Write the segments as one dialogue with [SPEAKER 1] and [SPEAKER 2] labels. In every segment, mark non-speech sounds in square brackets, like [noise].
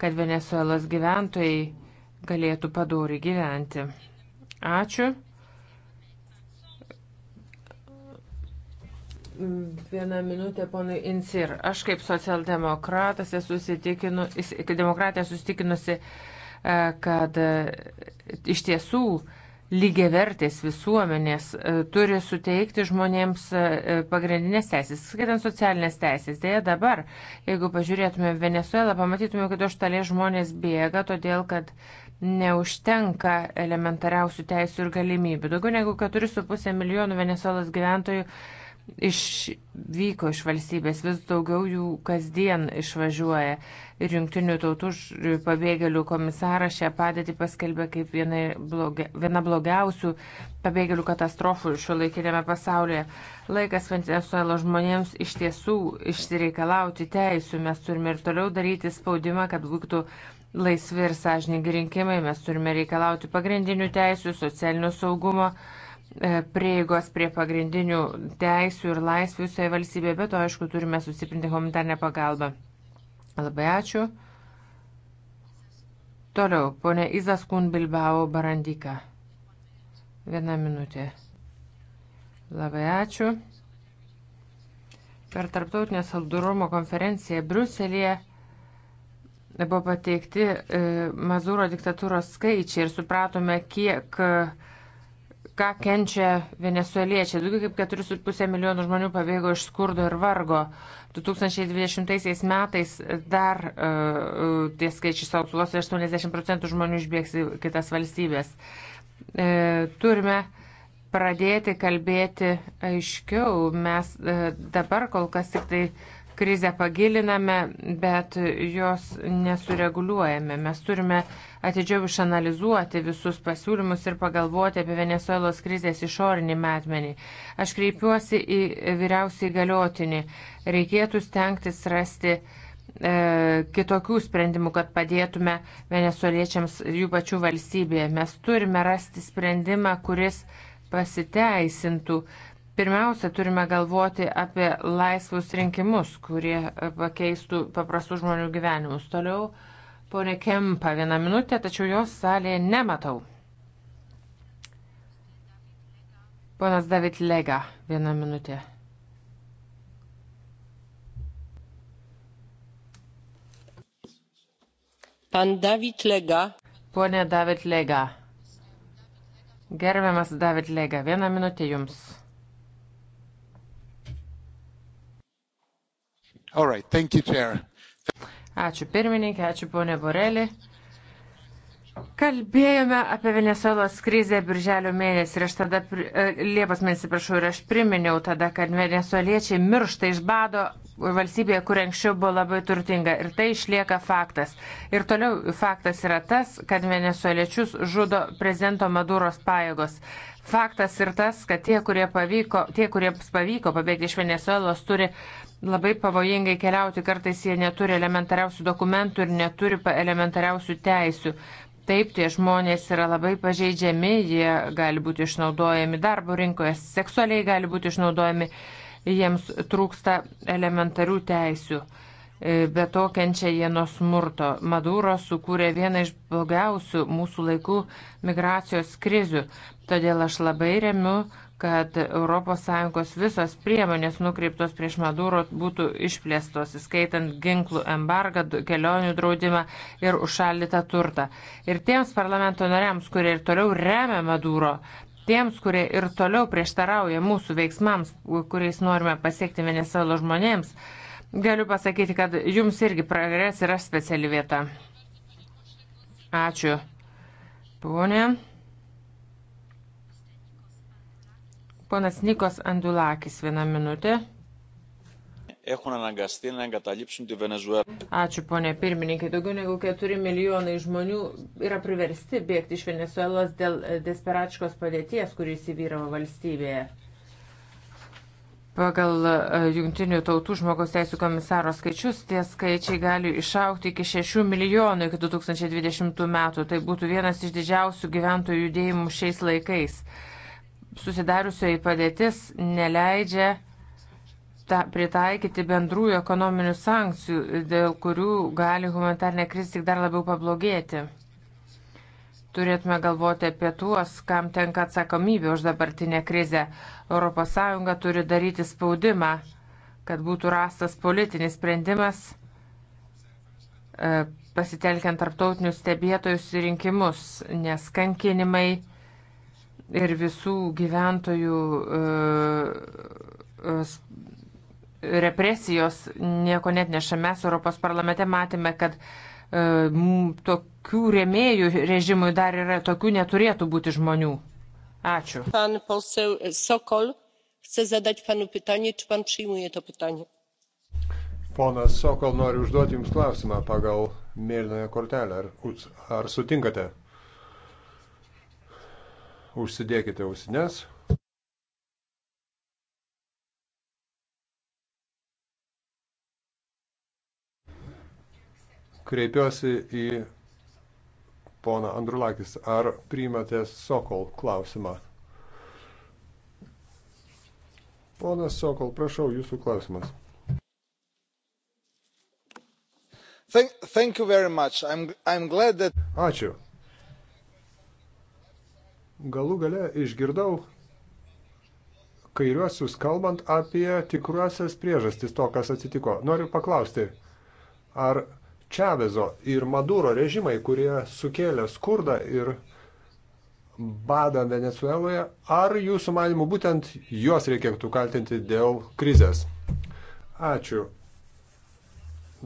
[SPEAKER 1] kad Venezuelos gyventojai galėtų padori gyventi. Ačiū. Vieną minutę, ponui Insir. Aš kaip socialdemokratas esu susitikinusi, e, kad e, iš tiesų lygiavertės visuomenės e, turi suteikti žmonėms e, pagrindinės teisės, skaitant socialinės teisės. Deja dabar, jeigu pažiūrėtume Venezuelą, pamatytume, kad už talės žmonės bėga, todėl kad neužtenka elementariausių teisų ir galimybių. Daugiau negu 4,5 milijonų Venezuelos gyventojų išvyko iš valstybės, vis daugiau jų kasdien išvažiuoja. Ir jungtinių tautų pabėgėlių komisaras šią padėtį paskelbė kaip viena, blogia, viena blogiausių pabėgėlių katastrofų šio laikinėme pasaulyje. Laikas Venezuelos žmonėms iš tiesų išsireikalauti teisų. Mes turime ir toliau daryti spaudimą, kad būtų laisvi ir sąžininkai rinkimai. Mes turime reikalauti pagrindinių teisų, socialinio saugumo E, prieigos prie pagrindinių teisių ir laisvių visoje valstybėje, bet to aišku turime sustiprinti humanitarnę pagalbą. Labai ačiū. Toliau, ponė Izaskun Bilbao Barandika. Viena minutė. Labai ačiū. Per tarptautinę saldurumo konferenciją Bruselėje buvo pateikti e, Mazūro diktatūros skaičiai ir supratome, kiek e, ką kenčia venezueliečiai. Daugiau kaip 4,5 milijonų žmonių pabėgo iš skurdo ir vargo. 2020 metais dar uh, tie skaičiai sausulos ir 80 procentų žmonių išbėgs į kitas valstybės. Uh, turime pradėti kalbėti aiškiau. Mes uh, dabar kol kas tik tai krizę pagiliname, bet jos nesureguliuojame. Mes turime atidžiau išanalizuoti visus pasiūlymus ir pagalvoti apie Venezuelos krizės išorinį metmenį. Aš kreipiuosi į vyriausiai galiotinį. Reikėtų stengtis rasti e, kitokių sprendimų, kad padėtume venesoliečiams jų pačių valstybėje. Mes turime rasti sprendimą, kuris pasiteisintų Pirmiausia, turime galvoti apie laisvus rinkimus, kurie e, pakeistų paprastų žmonių gyvenimus. Toliau, ponė Kempa, vieną minutę, tačiau jos salėje nematau. Ponas David Lega, vieną minutę. Pan David Lega. Pone David Lega. Gerbiamas David Lega, vieną minutę jums.
[SPEAKER 2] All right. Thank you, Chair.
[SPEAKER 1] Ačiū pirmininkė, ačiū ponė Borelį. Kalbėjome apie Venezuelos krizę birželio mėnesį ir aš tada, e, Liepos mėnesį prašau, ir aš priminiau tada, kad venezueliečiai miršta iš bado valstybėje, kur anksčiau buvo labai turtinga. Ir tai išlieka faktas. Ir toliau faktas yra tas, kad venezueliečius žudo prezidento Maduros pajėgos. Faktas ir tas, kad tie, kurie pavyko, tie, kurie pavyko pabėgti iš Venezuelos, turi labai pavojingai keliauti, kartais jie neturi elementariausių dokumentų ir neturi elementariausių teisių. Taip, tie žmonės yra labai pažeidžiami, jie gali būti išnaudojami darbo rinkoje, seksualiai gali būti išnaudojami, jiems trūksta elementarių teisių. E, be to kenčia jie nuo smurto. Maduro sukūrė vieną iš blogiausių mūsų laikų migracijos krizių. Todėl aš labai remiu kad ES visos priemonės nukreiptos prieš Maduro būtų išplėstos, įskaitant ginklų embargą, kelionių draudimą ir užšaldytą turtą. Ir tiems parlamento nariams, kurie ir toliau remia Maduro, tiems, kurie ir toliau prieštarauja mūsų veiksmams, kuriais norime pasiekti Venezuelo žmonėms, galiu pasakyti, kad jums irgi pragrės yra speciali vieta. Ačiū. Pone. Ponas Nikos Andulakis, vieną minutę. Ačiū, ponė pirmininkė. Daugiau negu 4 milijonai žmonių yra priversti bėgti iš Venezuelos dėl e, desperatiškos padėties, kuris įvyravo valstybėje. Pagal e, Junktinių tautų žmogaus teisų komisaro skaičius, tie skaičiai gali išaukti iki 6 milijonų iki 2020 metų. Tai būtų vienas iš didžiausių gyventojų judėjimų šiais laikais susidariusioji padėtis neleidžia ta, pritaikyti bendrųjų ekonominių sankcijų, dėl kurių gali humanitarnė krizė tik dar labiau pablogėti. Turėtume galvoti apie tuos, kam tenka atsakomybė už dabartinę krizę. ES turi daryti spaudimą, kad būtų rastas politinis sprendimas e, pasitelkiant tarptautinius stebėtojus ir rinkimus, nes kankinimai ir visų gyventojų e, e, represijos nieko net nešamės. Europos parlamente matėme, kad e, tokių rėmėjų režimui dar yra, tokių neturėtų būti žmonių. Ačiū.
[SPEAKER 2] Pan posel Sokol, chcę zadać panu pytanie, czy pan przyjmuje to pytanie? Ponas Sokol nori užduoti jums klausimą pagal mėlynąją kortelę. Ar, ar sutinkate? užsidėkite ausines. Kreipiuosi į poną Andrulakis, ar priimate Sokol klausimą? Ponas Sokol, prašau, jūsų klausimas. Thank, thank you very much. I'm, I'm glad that... Ačiū galų gale išgirdau kairiuosius kalbant apie tikruosias priežastis to, kas atsitiko. Noriu paklausti, ar Čavezo ir Maduro režimai, kurie sukėlė skurdą ir badą Venezueloje, ar jūsų manimų būtent juos reikėtų kaltinti dėl krizės? Ačiū.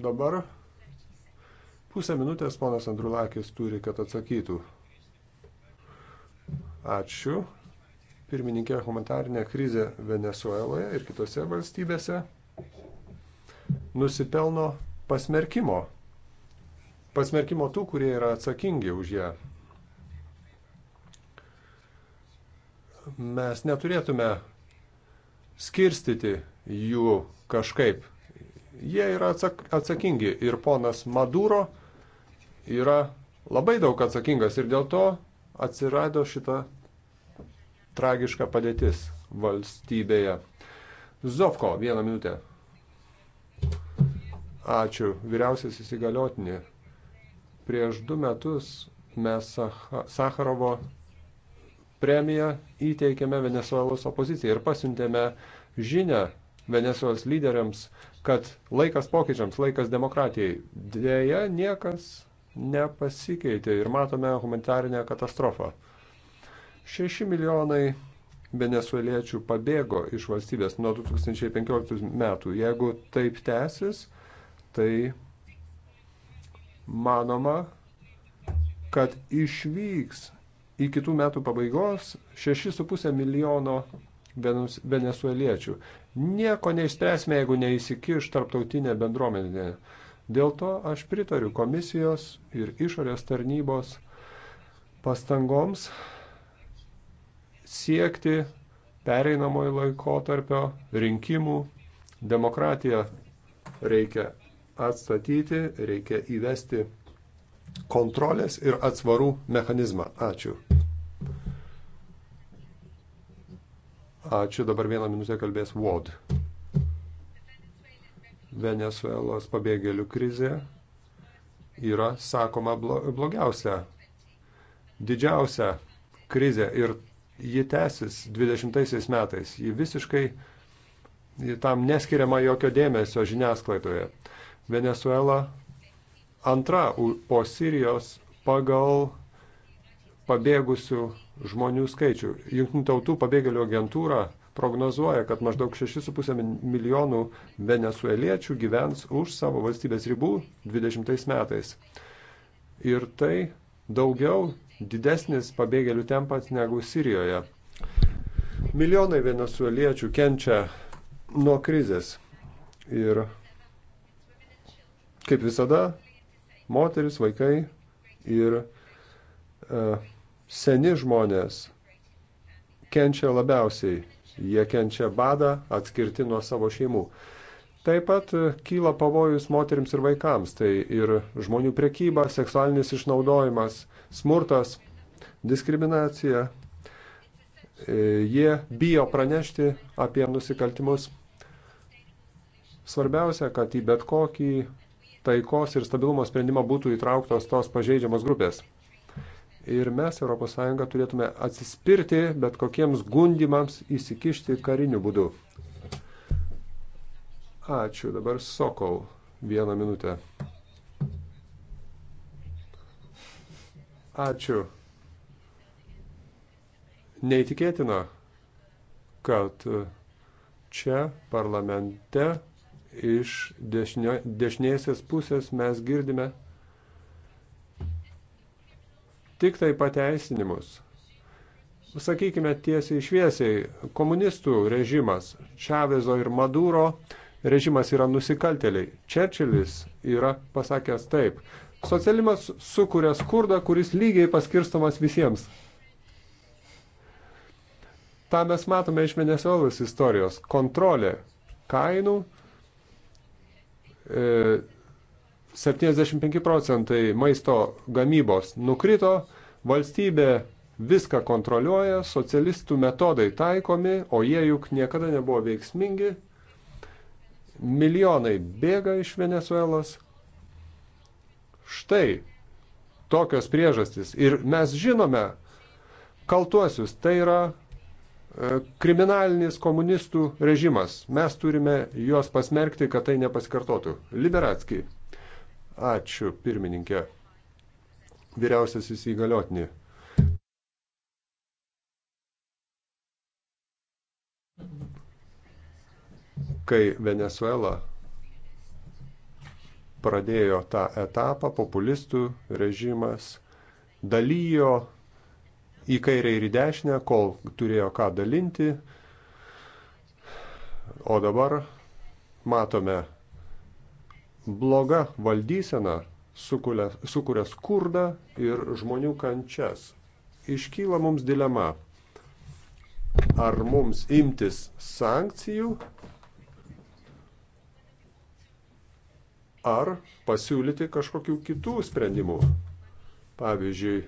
[SPEAKER 2] Dabar pusę minutės ponas Andrulakis turi, kad atsakytų. Ačiū. Pirmininkė humanitarinė krizė Venezueloje ir kitose valstybėse nusipelno pasmerkimo. Pasmerkimo tų, kurie yra atsakingi už ją. Mes neturėtume skirstyti jų kažkaip. Jie yra atsak atsakingi ir ponas Maduro yra labai daug atsakingas ir dėl to atsirado šita tragiška padėtis valstybėje. Zovko, vieną minutę. Ačiū, vyriausias įsigaliotinė. Prieš du metus mes Sakarovo premiją įteikėme Venezuelos opozicijai ir pasiuntėme žinę Venezuelos lyderiams, kad laikas pokyčiams, laikas demokratijai. Dėja, niekas nepasikeitė ir matome humanitarinę katastrofą. 6 milijonai venezueliečių pabėgo iš valstybės nuo 2015 metų. Jeigu taip tęsis, tai manoma, kad išvyks į kitų metų pabaigos 6,5 milijono venezueliečių. Nieko neišspręsime, jeigu neįsikiš tarptautinė bendruomenė. Dėl to aš pritariu komisijos ir išorės tarnybos pastangoms siekti pereinamojo laikotarpio rinkimų. Demokratiją reikia atstatyti, reikia įvesti kontrolės ir atsvarų mechanizmą. Ačiū. Ačiū, dabar vieną minutę kalbės Ward. Venezuelos pabėgėlių krizė yra, sakoma, blogiausia, didžiausia krizė ir ji tęsis 20 metais. Ji visiškai ji tam neskiriama jokio dėmesio žiniasklaidoje. Venezuela antra po Sirijos pagal pabėgusių žmonių skaičių. Junktinių tautų pabėgėlių agentūra prognozuoja, kad maždaug 6,5 milijonų venezueliečių gyvens už savo valstybės ribų 20 metais. Ir tai daugiau didesnis pabėgėlių tempas negu Sirijoje. Milijonai venezueliečių kenčia nuo krizės. Ir kaip visada, moteris, vaikai ir uh, seni žmonės kenčia labiausiai Jie kenčia badą, atskirti nuo savo šeimų. Taip pat kyla pavojus moteriams ir vaikams. Tai ir žmonių priekyba, seksualinis išnaudojimas, smurtas, diskriminacija. E, jie bijo pranešti apie nusikaltimus. Svarbiausia, kad į bet kokį taikos ir stabilumo sprendimą būtų įtrauktos tos pažeidžiamos grupės. Ir mes, ES, turėtume atsispirti bet kokiems gundimams įsikišti kariniu būdu. Ačiū. Dabar Sokol. Vieną minutę. Ačiū. Neįtikėtina, kad čia parlamente iš dešinėsės pusės mes girdime tik tai pateisinimus. Sakykime tiesiai šviesiai, komunistų režimas, Čavezo ir Maduro režimas yra nusikalteliai. Čerčilis yra pasakęs taip. Socializmas sukuria skurdą, kuris lygiai paskirstamas visiems. Ta mes matome iš Venezuelos istorijos. Kontrolė kainų, e, 75 procentai maisto gamybos nukrito, valstybė viską kontroliuoja, socialistų metodai taikomi, o jie juk niekada nebuvo veiksmingi. Milijonai bėga iš Venezuelos. Štai tokios priežastys. Ir mes žinome kaltuosius, tai yra e, kriminalinis komunistų režimas. Mes turime juos pasmerkti, kad tai nepasikartotų. Liberatskiai. Ačiū, pirmininkė. Vyriausiasis įgaliotinė. Kai Venezuela pradėjo tą etapą, populistų režimas dalyjo į kairę ir į dešinę, kol turėjo ką dalinti. O dabar matome Bloga valdysena sukulia, sukuria skurdą ir žmonių kančias. Iškyla mums dilema, ar mums imtis sankcijų, ar pasiūlyti kažkokių kitų sprendimų. Pavyzdžiui,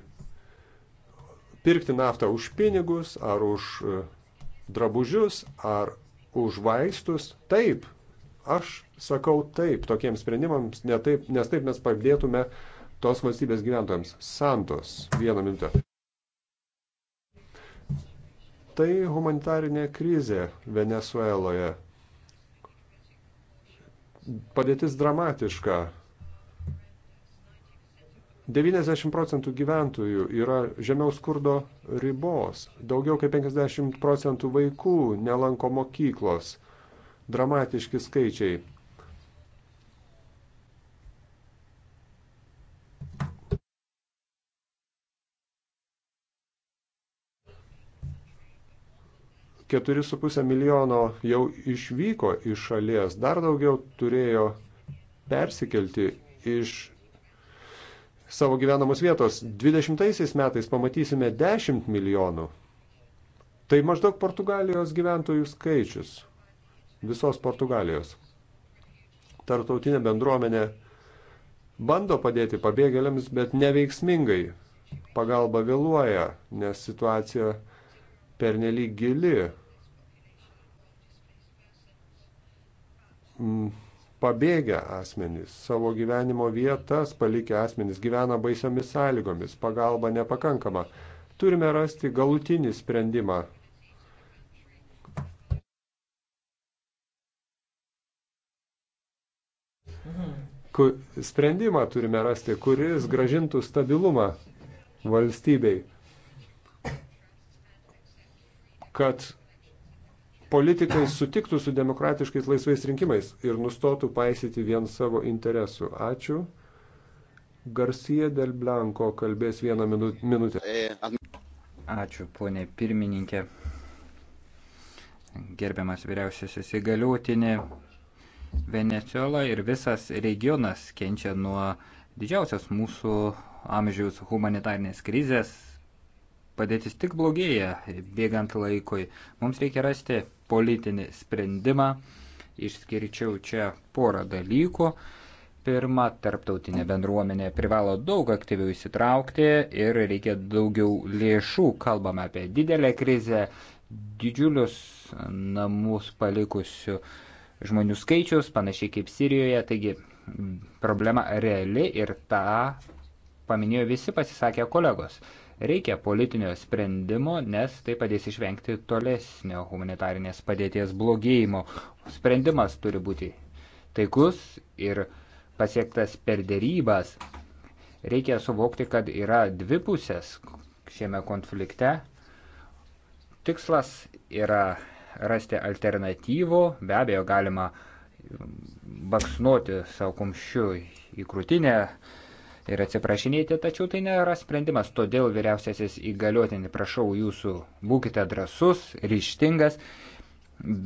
[SPEAKER 2] pirkti naftą už pinigus, ar už e, drabužius, ar už vaistus. Taip, Aš sakau taip tokiems sprendimams, ne taip, nes taip mes padėtume tos valstybės gyventojams. Santos, vieną minutę. Tai humanitarinė krizė Venezueloje. Padėtis dramatiška. 90 procentų gyventojų yra žemiaus skurdo ribos, daugiau kaip 50 procentų vaikų nelanko mokyklos dramatiški skaičiai. Keturi su pusė milijono jau išvyko iš šalies, dar daugiau turėjo persikelti iš savo gyvenamos vietos. 20 metais pamatysime 10 milijonų. Tai maždaug Portugalijos gyventojų skaičius visos Portugalijos. Tartautinė bendruomenė bando padėti pabėgėliams, bet neveiksmingai. Pagalba vėluoja, nes situacija pernelyg gili. Mm, pabėgę asmenys, savo gyvenimo vietas palikę asmenys gyvena baisiomis sąlygomis, pagalba nepakankama. Turime rasti galutinį sprendimą sprendimą turime rasti, kuris gražintų stabilumą valstybei. Kad politikai sutiktų su demokratiškais laisvais rinkimais ir nustotų paisyti vien savo interesų. Ačiū. Garcia del Blanco kalbės vieną minutę.
[SPEAKER 3] Ačiū, ponė pirmininkė. Gerbiamas vyriausiasis įgaliotinė, Venezuela ir visas regionas kenčia nuo didžiausios mūsų amžiaus humanitarnės krizės. Padėtis tik blogėja bėgant laikui. Mums reikia rasti politinį sprendimą. Išskirčiau čia porą dalykų. Pirma, tarptautinė bendruomenė privalo daug aktyviau įsitraukti ir reikia daugiau lėšų. Kalbame apie didelę krizę, didžiulius namus palikusių uh, žmonių skaičius, panašiai kaip Sirijoje, taigi problema reali ir tą paminėjo visi pasisakę kolegos. Reikia politinio sprendimo, nes tai padės išvengti tolesnio humanitarinės padėties blogėjimo. Sprendimas turi būti taikus ir pasiektas per dėrybas. Reikia suvokti, kad yra dvi pusės šiame konflikte. Tikslas yra rasti alternatyvų, be abejo galima um, baksnuoti savo kumščiu į krūtinę ir atsiprašinėti, tačiau tai nėra sprendimas, todėl vyriausiasis įgaliotinį prašau jūsų būkite drasus, ryštingas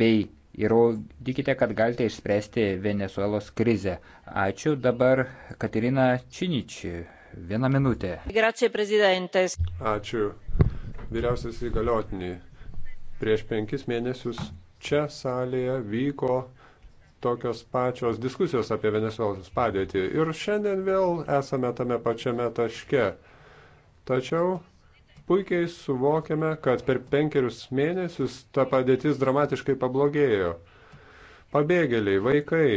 [SPEAKER 3] bei įrodykite, kad galite išspręsti Venezuelos krizę. Ačiū dabar Katerina Činičiui. Vieną minutę.
[SPEAKER 1] Grazie, prezidentas.
[SPEAKER 2] Ačiū. Vyriausias įgaliotinį. Prieš penkis mėnesius čia salėje vyko tokios pačios diskusijos apie Venezuelos padėtį. Ir šiandien vėl esame tame pačiame taške. Tačiau puikiai suvokiame, kad per penkerius mėnesius ta padėtis dramatiškai pablogėjo. Pabėgėliai, vaikai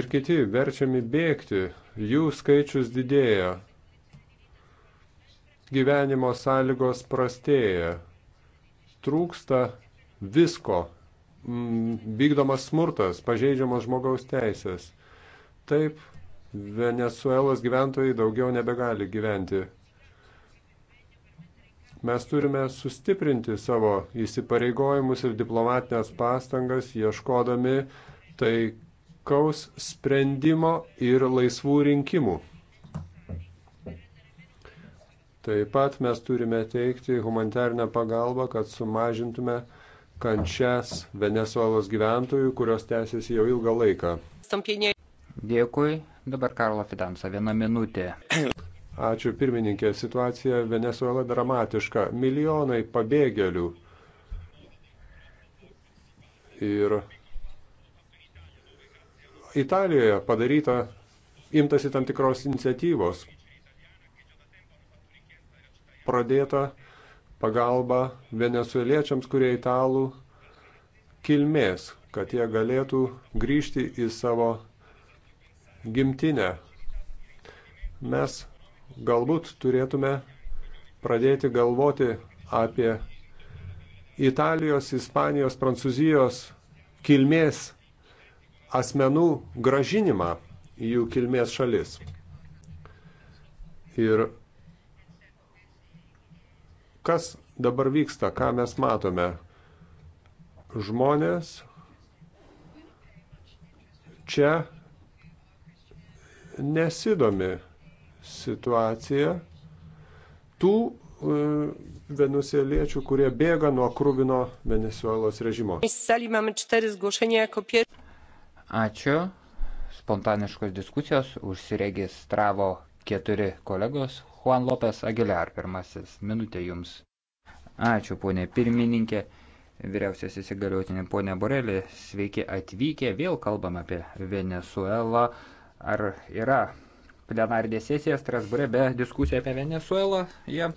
[SPEAKER 2] ir kiti verčiami bėgti, jų skaičius didėja, gyvenimo sąlygos prastėja trūksta visko. Mm, vykdomas smurtas, pažeidžiamas žmogaus teisės. Taip, Venezuelos gyventojai daugiau nebegali gyventi. Mes turime sustiprinti savo įsipareigojimus ir diplomatinės pastangas, ieškodami taikaus sprendimo ir laisvų rinkimų. Taip pat mes turime teikti humanitarinę pagalbą, kad sumažintume kančias Venezuelos gyventojų, kurios tęsiasi jau ilgą laiką. Dėkui. Dabar Karlo Fidansa, viena minutė. Ačiū pirmininkė. Situacija Venezuela dramatiška. Milijonai pabėgėlių. Ir Italijoje padaryta, imtasi tam tikros iniciatyvos pradėta pagalba venezueliečiams, kurie italų kilmės, kad jie galėtų grįžti į savo gimtinę. Mes galbūt turėtume pradėti galvoti apie Italijos, Ispanijos, Prancūzijos kilmės asmenų gražinimą į jų kilmės šalis. Ir kas dabar vyksta, ką mes matome. Žmonės čia nesidomi situacija tų e, venusėliečių, kurie bėga nuo krūvino Venezuelos režimo.
[SPEAKER 3] Ačiū. Spontaniškos diskusijos užsiregistravo keturi kolegos. Juan Lopes Aguilar pirmasis. Minutė jums. Ačiū, ponė pirmininkė. Vyriausiasis įgaliotinė ponė Borelė, sveiki atvykę. Vėl kalbam apie Venezuelą. Ar yra plenardė sesija Strasbūre be diskusijų apie Venezuelą? Jie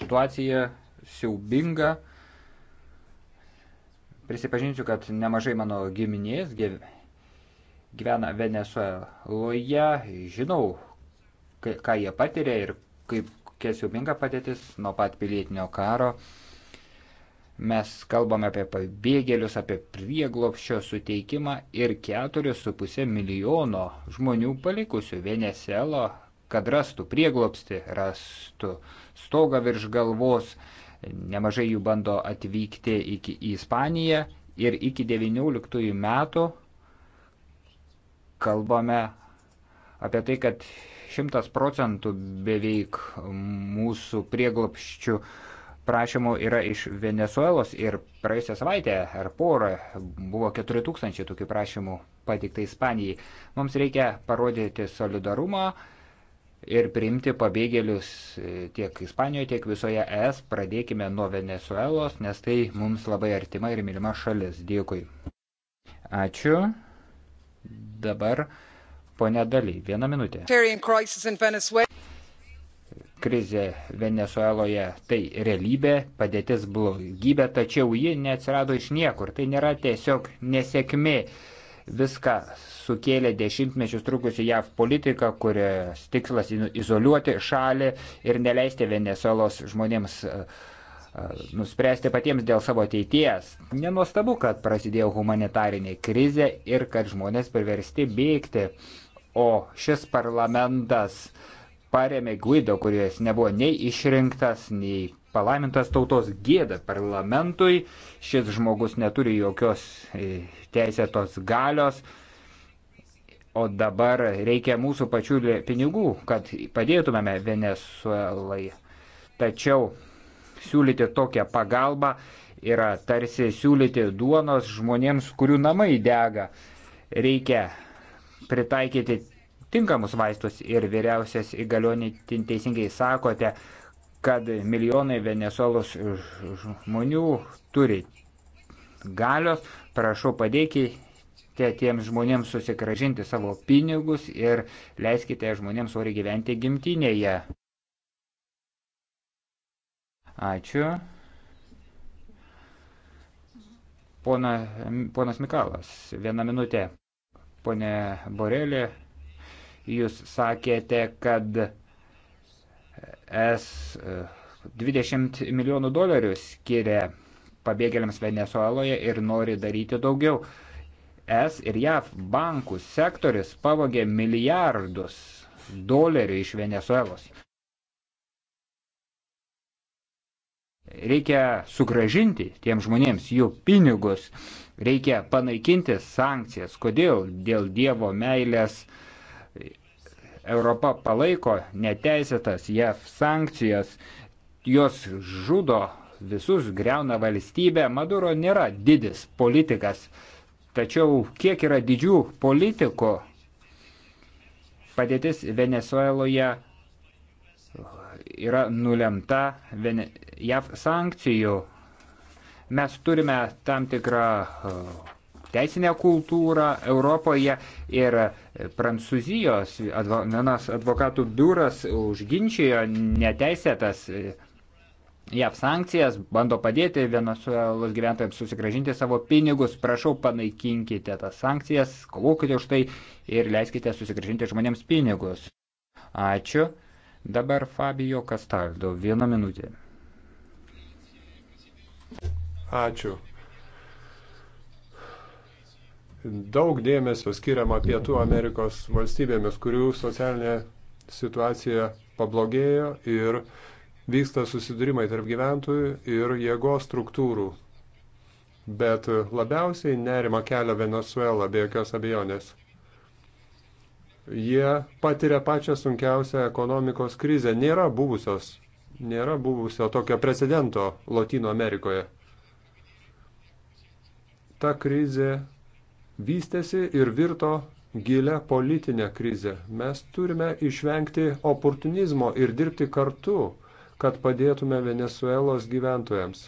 [SPEAKER 3] situacija siaubinga. Prisipažinsiu, kad nemažai mano giminės gyvena Venezueloje, žinau, ką jie patiria ir kaip kėsiubinga patėtis nuo pat pilietinio karo. Mes kalbame apie pabėgėlius, apie prieglopščio suteikimą ir 4,5 milijono žmonių palikusių Venezuelo, kad rastų prieglopsti, rastų stogą virš galvos. Nemažai jų bando atvykti iki į Ispaniją ir iki 19 metų kalbame apie tai, kad šimtas procentų beveik mūsų prieglopščių prašymų yra iš Venezuelos ir praėjusią savaitę ar porą buvo 4000 tokių prašymų pateikta Ispanijai. Mums reikia parodyti solidarumą ir priimti pabėgėlius tiek Ispanijoje, tiek visoje ES. Pradėkime nuo Venezuelos, nes tai mums labai artima ir mylima šalis. Dėkui. Ačiū. Dabar ponia Daly, vieną minutę. Krizė Venezueloje tai realybė, padėtis blogybė, tačiau ji neatsirado iš niekur. Tai nėra tiesiog nesėkmė viską sukėlė dešimtmečius trukusi JAV politika, kurios tikslas izoliuoti šalį ir neleisti Venezuelos žmonėms nuspręsti patiems dėl savo ateities. Nenuostabu, kad prasidėjo humanitarinė krizė ir kad žmonės priversti bėgti, o šis parlamentas paremė Guido, kuris nebuvo nei išrinktas, nei palaimintas tautos gėda parlamentui. Šis žmogus neturi jokios e, teisėtos galios. O dabar reikia mūsų pačių pinigų, kad padėtumėme Venezuelai. Tačiau siūlyti tokią pagalbą yra tarsi siūlyti duonos žmonėms, kurių namai dega. Reikia pritaikyti tinkamus vaistus ir vyriausias įgalionį teisingai sakote, kad milijonai Venezuelos žmonių turi galios, prašau padėkite tiems žmonėms susigražinti savo pinigus ir leiskite žmonėms oriai gyventi gimtinėje. Ačiū. Pona, ponas Mikalas, vieną minutę. Pone Borelė, jūs sakėte, kad es 20 milijonų dolerių skiria pabėgėliams Venezueloje ir nori daryti daugiau. Es ir JAV bankų sektorius pavogė milijardus dolerių iš Venezuelos. Reikia sugražinti tiem žmonėms jų pinigus, reikia panaikinti sankcijas. Kodėl? Dėl Dievo meilės Europa palaiko neteisėtas JAV sankcijas, jos žudo visus, greuna valstybę. Maduro nėra didis politikas, tačiau kiek yra didžių politikų, padėtis Venezueloje yra nulemta JAV sankcijų. Mes turime tam tikrą uh, teisinę kultūrą Europoje ir Prancūzijos vienas advokatų biuras užginčijo neteisėtas uh, JAV sankcijas, bando padėti Venezuelos gyventojams susigražinti savo pinigus. Prašau, panaikinkite tas sankcijas, kovokite už tai ir leiskite susigražinti žmonėms pinigus. Ačiū. Dabar Fabio Kastaldo, vieną minutę.
[SPEAKER 2] Ačiū. Daug dėmesio skiriama Pietų Amerikos valstybėmis, kurių socialinė situacija pablogėjo ir vyksta susidūrimai tarp gyventojų ir jėgos struktūrų. Bet labiausiai nerima kelia Venezuela, be jokios abejonės. Jie patiria pačią sunkiausią ekonomikos krizę. Nėra buvusios, nėra buvusio tokio precedento Latino Amerikoje. Ta krizė vystėsi ir virto gilę politinę krizę. Mes turime išvengti oportunizmo ir dirbti kartu, kad padėtume Venezuelos gyventojams.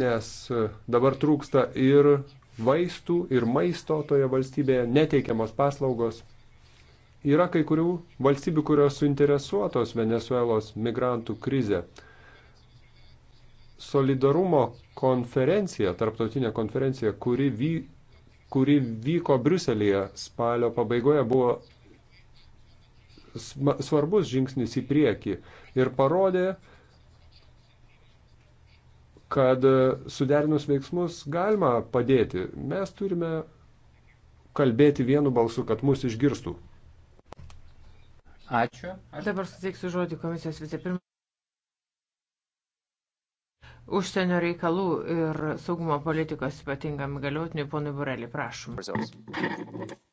[SPEAKER 2] Nes dabar trūksta ir vaistų ir maisto toje valstybėje, neteikiamos paslaugos. Yra kai kurių valstybių, kurios suinteresuotos Venezuelos migrantų krize. Solidarumo konferencija, tarptautinė konferencija, kuri, vy, kuri vyko Briuselėje spalio pabaigoje, buvo svarbus žingsnis į priekį ir parodė, kad suderinus veiksmus galima padėti. Mes turime kalbėti vienu balsu, kad mūsų išgirstų. Ačiū.
[SPEAKER 1] Aš dabar suteiksiu žodį komisijos vicepirmininkui. Užsienio reikalų ir saugumo politikos ypatingam galiotiniui ponui Burelį, prašom.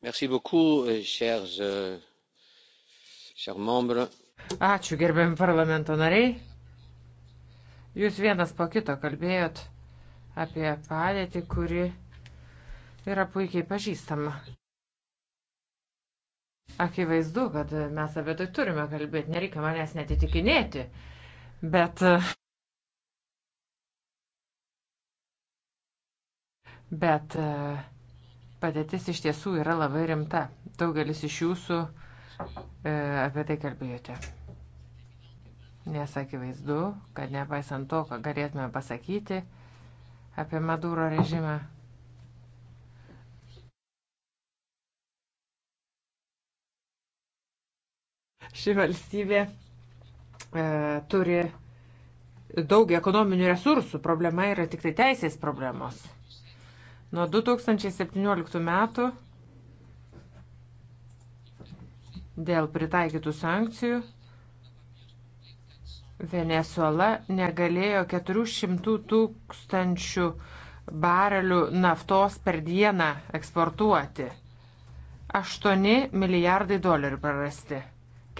[SPEAKER 3] Merci beaucoup, eh,
[SPEAKER 1] chers, eh, chers membres. Ačiū gerbiami parlamento nariai. Jūs vienas po kito kalbėjot apie padėtį, kuri yra puikiai pažįstama. Akivaizdu, kad mes apie tai turime kalbėti, nereikia manęs netitikinėti, bet. Bet padėtis iš tiesų yra labai rimta. Daugelis iš jūsų e, apie tai kalbėjote nes akivaizdu, kad nepaisant to, ką galėtume pasakyti apie Maduro režimą, ši valstybė e, turi daug ekonominių resursų, problema yra tik tai teisės problemos. Nuo 2017 metų dėl pritaikytų sankcijų Venezuela negalėjo 400 tūkstančių barelių naftos per dieną eksportuoti. 8 milijardai dolerių prarasti.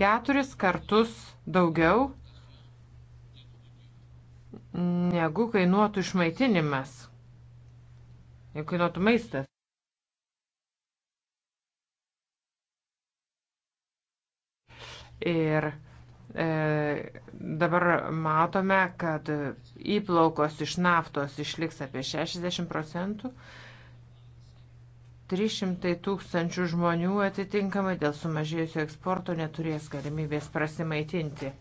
[SPEAKER 1] Keturis kartus daugiau negu kainuotų išmaitinimas. Jeigu kainuotų maistas. Ir E, dabar matome, kad įplaukos iš naftos išliks apie 60 procentų. 300 tūkstančių žmonių atitinkamai dėl sumažėjusio eksporto neturės galimybės prasimaitinti.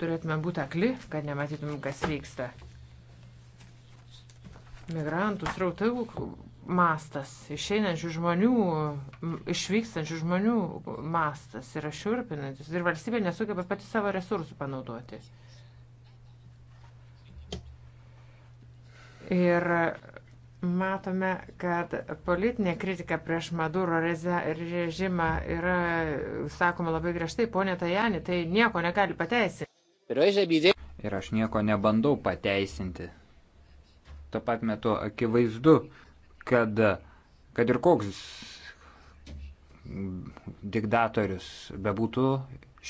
[SPEAKER 1] Turėtume būti akli, kad nematytumėm, kas vyksta. Migrantų srautai mastas, išeinančių žmonių, išvykstančių žmonių mastas yra šiurpinantis ir valstybė nesugeba pati savo resursų panaudoti. Ir matome, kad politinė kritika prieš Maduro režimą yra sakoma labai griežtai, ponė Tajani, tai nieko negali pateisinti.
[SPEAKER 3] Ir aš nieko nebandau pateisinti. Tuo pat metu akivaizdu, kad, kad ir koks diktatorius bebūtų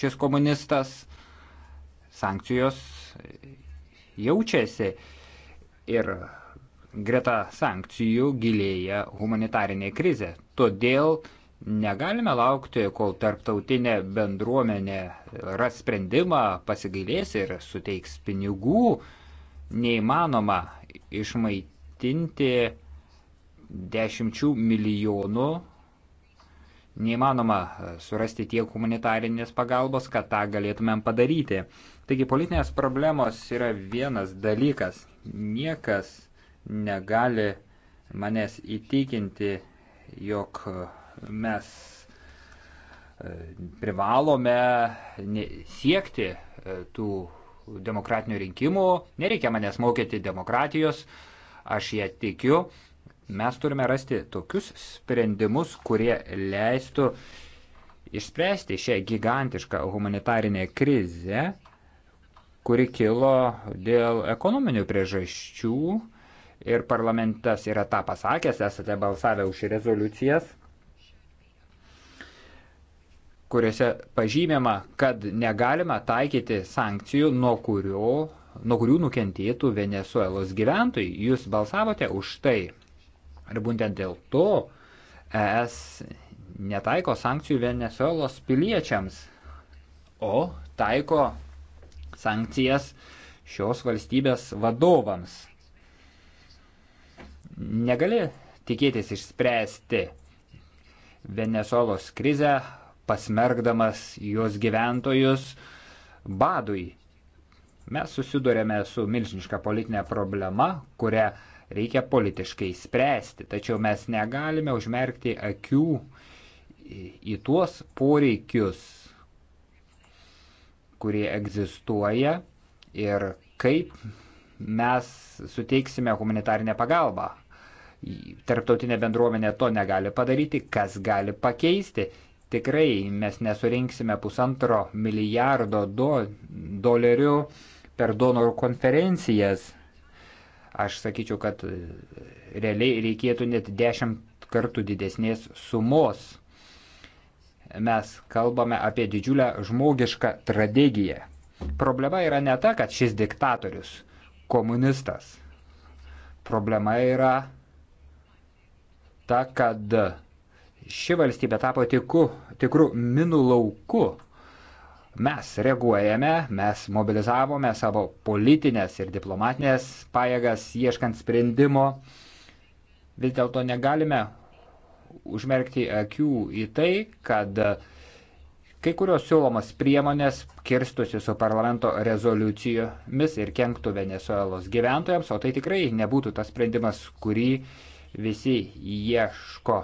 [SPEAKER 3] šis komunistas, sankcijos jaučiasi ir greta sankcijų gilėja humanitarinė krizė. Todėl negalime laukti, kol tarptautinė bendruomenė ras sprendimą, pasigailės ir suteiks pinigų. Neįmanoma išmaitinti dešimčių milijonų neįmanoma e, surasti tiek humanitarinės pagalbos, kad tą galėtumėm padaryti. Taigi politinės problemos yra vienas dalykas. Niekas negali manęs įtikinti, jog mes e, privalome siekti e, tų demokratinių rinkimų. Nereikia manęs mokyti demokratijos, aš ją tikiu. Mes turime rasti tokius sprendimus, kurie leistų išspręsti šią gigantišką humanitarinę krizę, kuri kilo dėl ekonominių priežasčių ir parlamentas yra tą pasakęs, esate balsavę už rezoliucijas, kuriuose pažymėma, kad negalima taikyti sankcijų, nuo, kurio, nuo kurių nukentėtų Venezuelos gyventojai. Jūs balsavote už tai. Ar būtent dėl to ES netaiko sankcijų Venezuelos piliečiams, o taiko sankcijas šios valstybės vadovams. Negali tikėtis išspręsti Venezuelos krizę, pasmergdamas jos gyventojus badui. Mes susidurėme su milžiniška politinė problema, kurią reikia politiškai spręsti, tačiau mes negalime užmerkti akių į tuos poreikius, kurie egzistuoja ir kaip mes suteiksime humanitarinę pagalbą. Tarptautinė bendruomenė to negali padaryti, kas gali pakeisti. Tikrai mes nesurinksime pusantro milijardo do, dolerių per donorų konferencijas Aš sakyčiau, kad e, realiai reikėtų net dešimt kartų didesnės sumos. Mes kalbame apie didžiulę žmogišką tragediją. Problema yra ne ta, kad šis diktatorius komunistas. Problema yra ta, kad ši valstybė tapo tiku, tikrų minų lauku Mes reaguojame, mes mobilizavome savo politinės ir diplomatinės pajėgas ieškant sprendimo. Vis dėlto negalime užmerkti akių į tai, kad kai kurios siūlomas priemonės kirstusi su parlamento rezoliucijomis ir kenktų Venezuelos gyventojams, o tai tikrai nebūtų tas sprendimas, kurį visi ieško.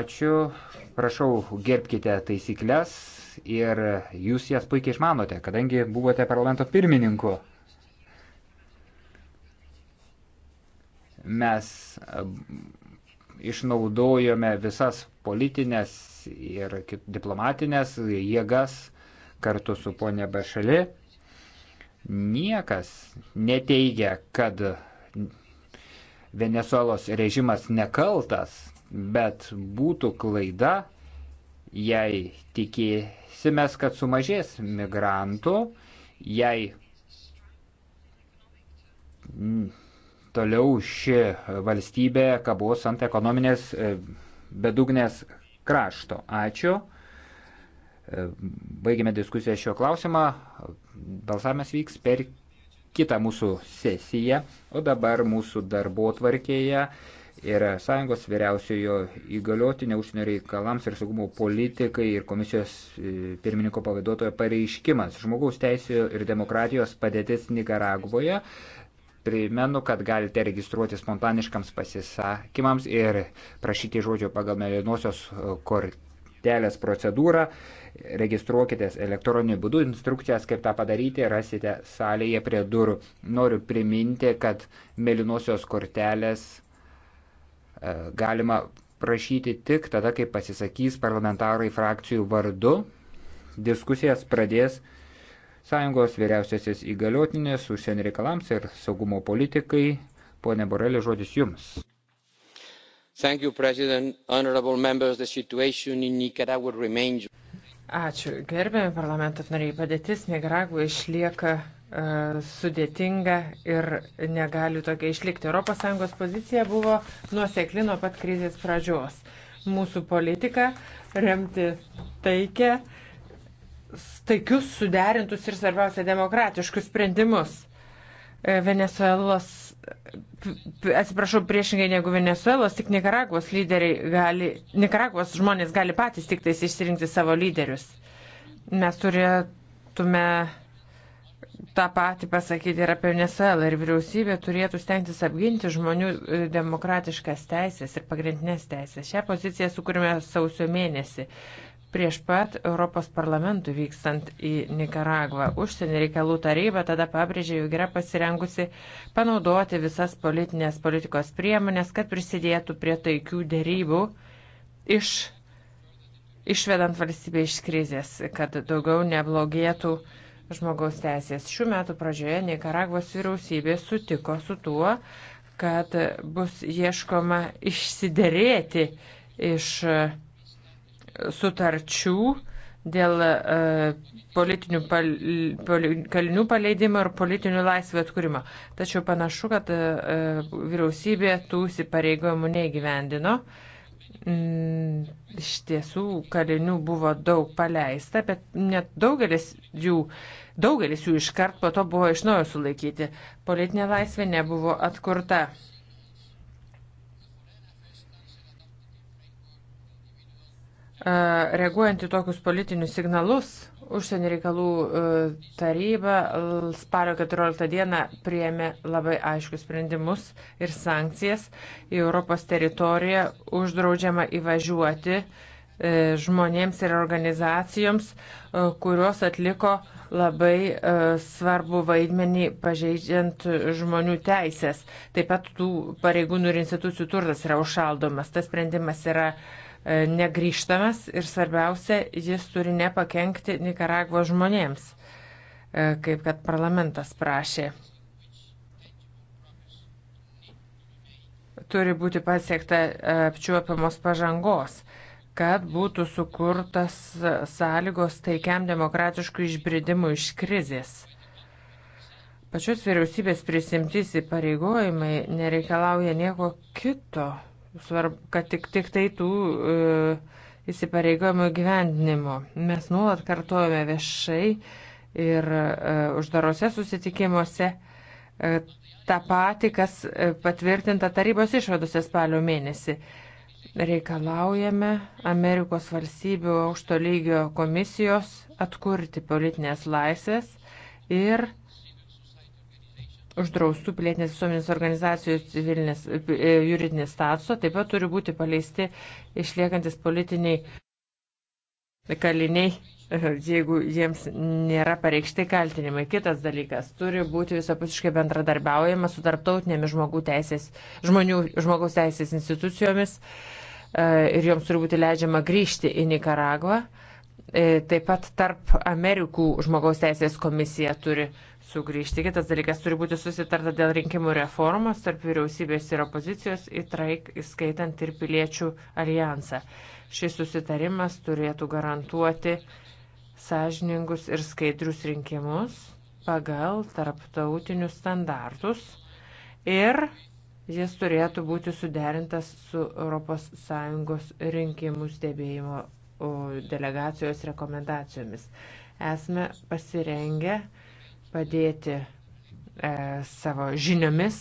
[SPEAKER 3] Ačiū, prašau, gerbkite taisyklės ir jūs jas puikiai išmanote, kadangi buvote parlamento pirmininku. Mes e, išnaudojome visas politinės ir diplomatinės jėgas kartu su ponė Bešali. Niekas neteigia, kad Venezuelos režimas nekaltas, bet būtų klaida Jei tikėsime, kad sumažės migrantų, jei toliau ši valstybė kabos ant ekonominės e, bedugnės krašto. Ačiū. E, baigėme diskusiją šio klausimą. Balsavimas vyks per kitą mūsų sesiją, o dabar mūsų darbo tvarkėje ir sąjungos vyriausiojo įgaliotinio užsienio reikalams ir saugumo politikai ir komisijos e, pirmininko pavaduotojo pareiškimas. Žmogaus teisėjo ir demokratijos padėtis Nikaragvoje. Primenu, kad galite registruoti spontaniškams pasisakymams ir prašyti žodžio pagal mėlynosios kortelės procedūrą. Registruokitės elektroniniu būdu. Instrukcijas, kaip tą padaryti, rasite salėje prie durų. Noriu priminti, kad mėlynosios kortelės E, galima prašyti tik tada, kai pasisakys parlamentarai frakcijų vardu. Diskusijas pradės Sąjungos vyriausiasis įgaliotinės užsienio reikalams ir saugumo politikai. Pone Borelė, žodis jums. You,
[SPEAKER 1] Ačiū. Gerbėmi parlamento nariai, padėtis Nicaragvoje išlieka E, sudėtinga ir negali tokia išlikti. ES pozicija buvo nuosekli nuo pat krizės pradžios. Mūsų politika remti taikę, taikius, suderintus ir svarbiausia demokratiškus sprendimus. E, Venezuelos, atsiprašau, priešingai negu Venezuelos, tik Nikaragvos lyderiai gali, Nikaragvos žmonės gali patys tik tais išsirinkti savo lyderius. Mes turėtume tą patį pasakyti ir apie Venezuelą. Ir vyriausybė turėtų stengtis apginti žmonių e, demokratiškas teisės ir pagrindinės teisės. Šią poziciją sukūrėme sausio mėnesį. Prieš pat Europos parlamentų vykstant į Nikaragvą užsienio reikalų taryba tada pabrėžė, jog yra pasirengusi panaudoti visas politinės politikos priemonės, kad prisidėtų prie taikių dėrybų iš, išvedant valstybę iš krizės, kad daugiau neblogėtų uh, žmogaus teisės. Šių metų pradžioje Nikaragvos vyriausybė sutiko su tuo, kad bus ieškoma išsiderėti iš e, sutarčių dėl e, politinių pal, poli, kalinių paleidimo ir politinių laisvių atkūrimo. Tačiau panašu, kad e, vyriausybė tų įsipareigojimų neįgyvendino. Mm, iš tiesų, kalinių buvo daug paleista, bet net daugelis jų, daugelis jų iškart po to buvo iš naujo sulaikyti. Politinė laisvė nebuvo atkurta. Reaguojant į tokius politinius signalus, užsienio reikalų e, taryba spalio 14 dieną priėmė labai aiškius sprendimus ir sankcijas. Į Europos teritoriją uždraudžiama įvažiuoti e, žmonėms ir organizacijoms, e, kurios atliko labai svarbu vaidmenį pažeidžiant žmonių teisės. Taip pat tų pareigūnų ir institucijų turtas yra užšaldomas. Tas sprendimas yra uh, negryžtamas ir svarbiausia, jis turi nepakenkti Nikaragvo žmonėms, e, kaip kad parlamentas prašė. Turi būti pasiekta e, apčiuopiamos pažangos kad būtų sukurtas sąlygos taikiam demokratiškų išbridimų iš krizės. Pačios vyriausybės prisimtys įpareigojimai nereikalauja nieko kito svarb, kad tik, tik tai tų e, įsipareigojimų gyvendinimo. Mes nuolat kartuojame viešai ir e, uždarose susitikimuose e, tą patį, kas e, patvirtinta tarybos išvadose spalio mėnesį. Reikalaujame Amerikos valstybių aukšto lygio komisijos atkurti politinės laisvės ir uždraustų pilietinės visuomenės organizacijos civilinės, e, juridinės statuso, taip pat turi būti paleisti išliekantis politiniai kaliniai, e, jeigu jiems nėra pareikšti kaltinimai. Kitas dalykas, turi būti visapusiškai bendradarbiaujama su tarptautinėmis teisės, žmonių, žmogaus teisės institucijomis e, ir joms turi būti leidžiama grįžti į Nikaragvą. Taip pat tarp Amerikų žmogaus teisės komisija turi sugrįžti. Kitas dalykas turi būti susitarta dėl rinkimų reformos tarp vyriausybės ir opozicijos, įtraik, įskaitant ir piliečių alijansą. Šis susitarimas turėtų garantuoti sąžiningus ir skaidrius rinkimus pagal tarptautinius standartus ir jis turėtų būti suderintas su ES rinkimų stebėjimo delegacijos rekomendacijomis. Esame pasirengę padėti e, savo žiniomis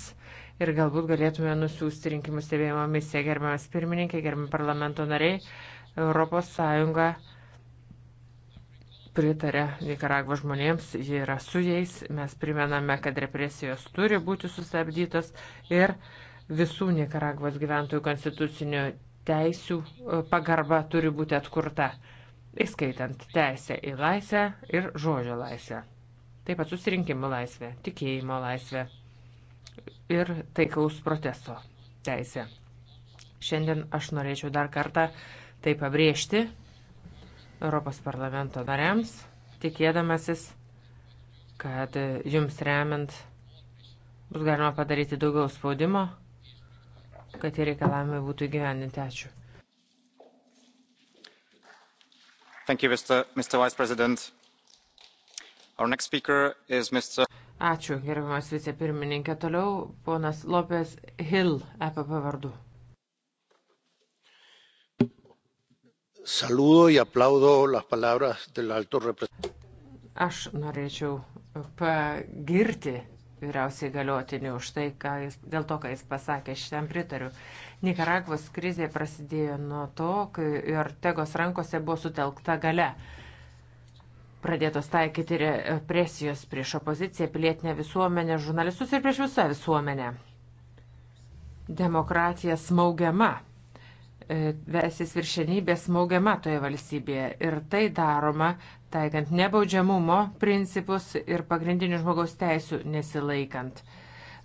[SPEAKER 1] ir galbūt galėtume nusiųsti rinkimų stebėjimo misiją. Gerbiamas pirmininkė, gerbiam parlamento nariai, ES pritarė Nikaragvo žmonėms, jie yra su jais, mes primename, kad represijos turi būti sustabdytos ir visų Nikaragvos gyventojų konstitucinių teisių e, pagarba turi būti atkurta, įskaitant teisę į laisvę ir žodžio laisvę. Taip pat susirinkimo laisvė, tikėjimo laisvė ir taikaus protesto teisė. Šiandien aš norėčiau dar kartą tai pabrėžti Europos parlamento nariams, tikėdamasis, kad jums remiant bus galima padaryti daugiau spaudimo, kad tie reikalavimai būtų įgyvendinti. Ačiū.
[SPEAKER 3] Thank you, Mr. Mr. Vice President. Ačiū,
[SPEAKER 1] gerbiamas vicepirmininkė. Toliau ponas Lopės Hill, EPP vardu. Saludo y aplaudo las palabras del alto representante. Aš norėčiau pagirti vyriausiai galiotinį už tai, ką jis, dėl to, ką jis pasakė, šitam pritariu. Nikaragvos krizė prasidėjo nuo to, kai Ortegos rankose buvo sutelkta gale pradėtos taikyti represijos prieš opoziciją, pilietinę visuomenę, žurnalistus ir prieš visą visuomenę. Demokratija smaugiama, vesės viršenybė smaugiama toje valstybėje ir tai daroma taikant nebaudžiamumo principus ir pagrindinių žmogaus teisų nesilaikant.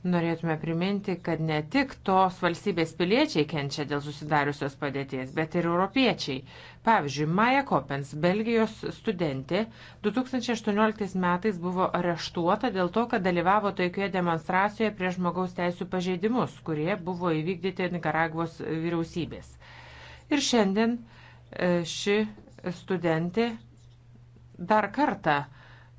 [SPEAKER 1] Norėtume priminti, kad ne tik tos valstybės piliečiai kenčia dėl susidariusios padėties, bet ir europiečiai. Pavyzdžiui, Maja Kopens, Belgijos studentė, 2018 metais buvo areštuota dėl to, kad dalyvavo taikioje demonstracijoje prie žmogaus teisų pažeidimus, kurie buvo įvykdyti Nikaragvos vyriausybės. Ir šiandien e, ši studentė dar kartą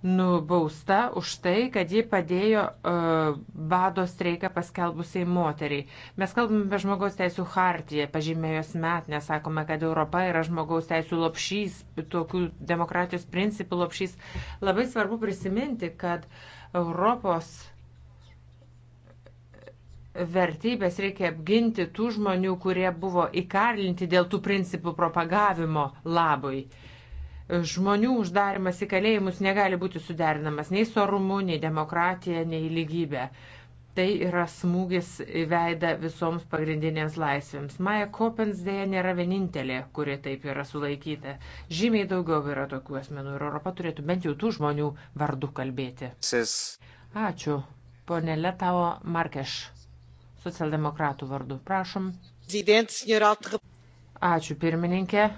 [SPEAKER 1] nubausta už tai, kad ji padėjo uh, bado streiką paskelbusiai moteriai. Mes kalbame apie žmogaus teisų hartiją, pažymėjos met, nesakome, kad Europa yra žmogaus teisų lopšys, tokių demokratijos principų lopšys. Labai svarbu prisiminti, kad Europos vertybės reikia apginti tų žmonių, kurie buvo įkarlinti dėl tų principų propagavimo labui. Uh, Žmonių uždarimas į kalėjimus negali būti suderinamas nei su orumu, nei demokratija, nei lygybė. Tai yra smūgis į veidą visoms pagrindinėms laisvėms. Maja Kopens dėja nėra vienintelė, kuri taip yra sulaikyta. Žymiai daugiau yra tokių asmenų ir Europa turėtų bent jau tų žmonių vardu kalbėti. Sis. Ačiū. Pone Letavo Markeš, socialdemokratų vardu. Prašom. Ačiū pirmininkė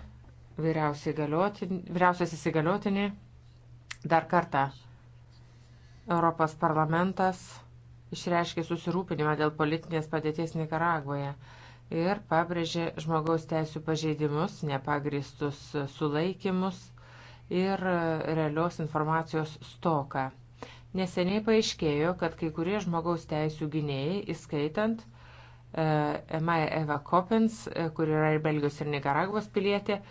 [SPEAKER 1] vyriausias įsigaliotinį. Dar kartą Europos parlamentas išreiškė susirūpinimą dėl politinės padėties Nikaragvoje ir pabrėžė žmogaus teisų pažeidimus, nepagristus sulaikimus ir e, realios informacijos stoką. Neseniai paaiškėjo, kad kai kurie žmogaus teisų gynėjai, įskaitant e, Emaja Eva Kopins, e, kur yra ir Belgijos ir Nikaragvos pilietė,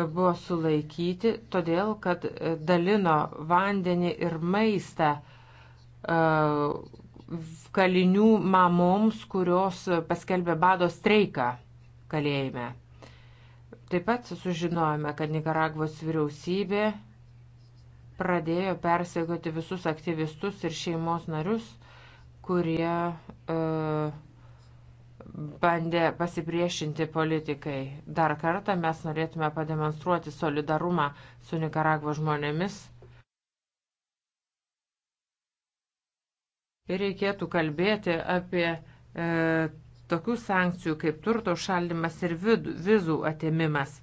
[SPEAKER 1] buvo sulaikyti, todėl kad dalino vandenį ir maistą e, kalinių mamoms, kurios paskelbė bado streiką kalėjime. Taip pat sužinojome, kad Nikaragvos vyriausybė pradėjo persekioti visus aktyvistus ir šeimos narius, kurie uh, bandė pasipriešinti politikai. Dar kartą mes norėtume pademonstruoti solidarumą su Nikaragvo žmonėmis. Ir reikėtų kalbėti apie e, tokių sankcijų kaip turto šaldimas ir vid, vizų atėmimas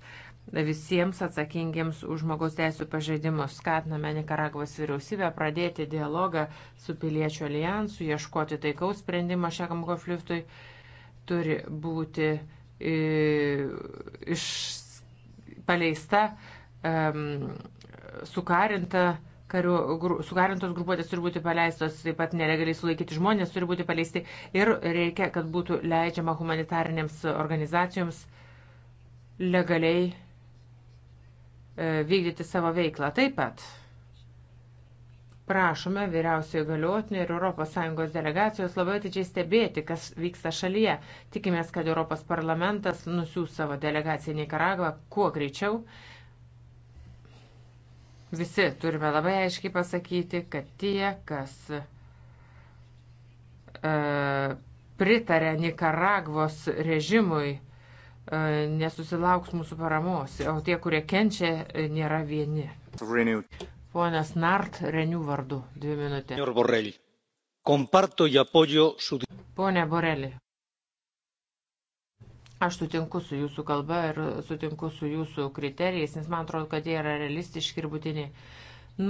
[SPEAKER 1] visiems atsakingiems už žmogaus teisų pažeidimus. Skatiname Nikaragvos vyriausybę pradėti dialogą su piliečių alijansu, ieškoti taikaus sprendimo šiam konfliktui. E, turi būti e, iš paleista, sukarinta karių, sukarintos grupuotės turi būti paleistos, taip pat nelegaliai sulaikyti žmonės turi būti paleisti ir reikia, kad būtų leidžiama humanitarinėms organizacijoms legaliai e, vykdyti savo veiklą. Taip pat prašome vyriausiojo galiotinio ir ES delegacijos labai atidžiai stebėti, kas vyksta šalyje. Tikimės, kad Europos parlamentas nusiūs savo delegaciją į Nikaragvą kuo greičiau. Visi turime labai aiškiai pasakyti, kad tie, kas e, pritarė Nikaragvos režimui, e, nesusilauks mūsų paramos, o tie, kurie kenčia, nėra vieni. Ponas Nart, Renių vardu, dvi
[SPEAKER 3] minutės.
[SPEAKER 1] Pone Borelį, Aš sutinku su jūsų kalba ir sutinku su jūsų kriterijais, nes man atrodo, kad jie yra realistiški ir būtini.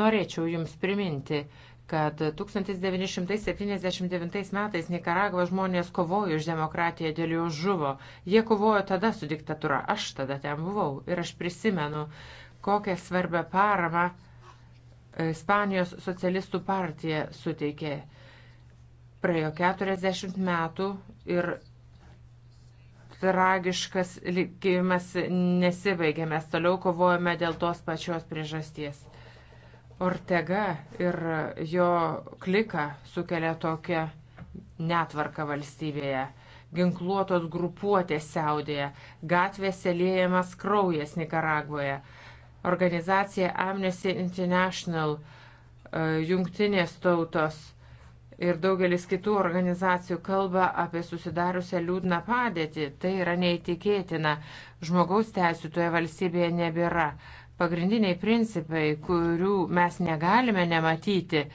[SPEAKER 1] Norėčiau jums priminti, kad 1979 metais Nikaragva žmonės kovojo už demokratiją, dėl jo žuvo. Jie kovojo tada su diktatūra, aš tada ten buvau ir aš prisimenu, kokią svarbę paramą Ispanijos socialistų partija suteikė. Praėjo 40 metų ir tragiškas likimas nesibaigė. Mes toliau kovojame dėl tos pačios priežasties. Ortega ir jo klika sukelia tokią netvarką valstybėje. Ginkluotos grupuotės siaudėje, gatvėse lėjamas kraujas Nikaragvoje. Organizacija Amnesty International, e, Jungtinės tautos ir daugelis kitų organizacijų kalba apie susidariusią liūdną padėtį. Tai yra neįtikėtina. Žmogaus teisų toje valstybėje nebėra. Pagrindiniai principai, kurių mes negalime nematyti e,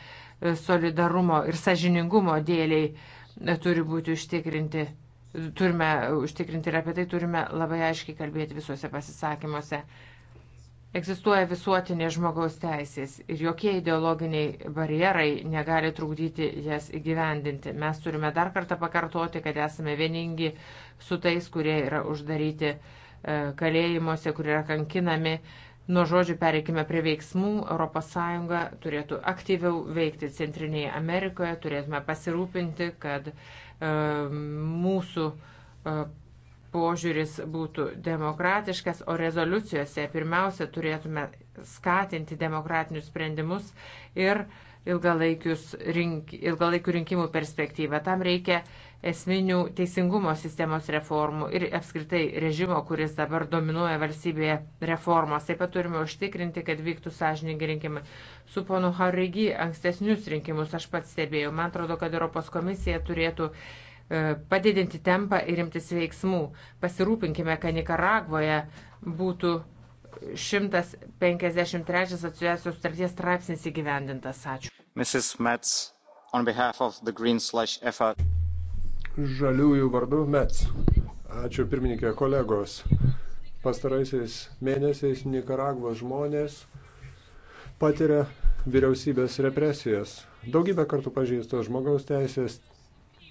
[SPEAKER 1] solidarumo ir sažiningumo dėliai, e, turi būti užtikrinti turime užtikrinti ir apie tai turime labai aiškiai kalbėti visuose pasisakymuose. Egzistuoja visuotinė žmogaus teisės ir jokie ideologiniai barjerai negali trukdyti jas įgyvendinti. Mes turime dar kartą pakartoti, kad esame vieningi su tais, kurie yra uždaryti e, kalėjimuose, kurie yra kankinami. Nuo žodžių pereikime prie veiksmų. ES turėtų aktyviau veikti Centrinėje Amerikoje, turėtume pasirūpinti, kad e, mūsų e, požiūris būtų demokratiškas, o rezoliucijose pirmiausia turėtume skatinti demokratinius sprendimus ir rink, ilgalaikių rinkimų perspektyvą. Tam reikia esminių teisingumo sistemos reformų ir apskritai režimo, kuris dabar dominuoja valstybėje reformos. Taip pat turime užtikrinti, kad vyktų sąžininkai rinkimai. Su ponu Harigi ankstesnius rinkimus aš pats stebėjau. Man atrodo, kad Europos komisija turėtų E, padidinti tempą ir imtis veiksmų. Pasirūpinkime, kad Nikaragvoje būtų 153 asociacijos sutarties straipsnis įgyvendintas. Ačiū.
[SPEAKER 3] Mrs. Metz, on behalf of the Green Slash effort.
[SPEAKER 2] Žaliųjų vardu Metz. Ačiū pirmininkė kolegos. Pastaraisiais mėnesiais Nikaragvos žmonės patiria vyriausybės represijas. Daugybę kartų pažįsta žmogaus teisės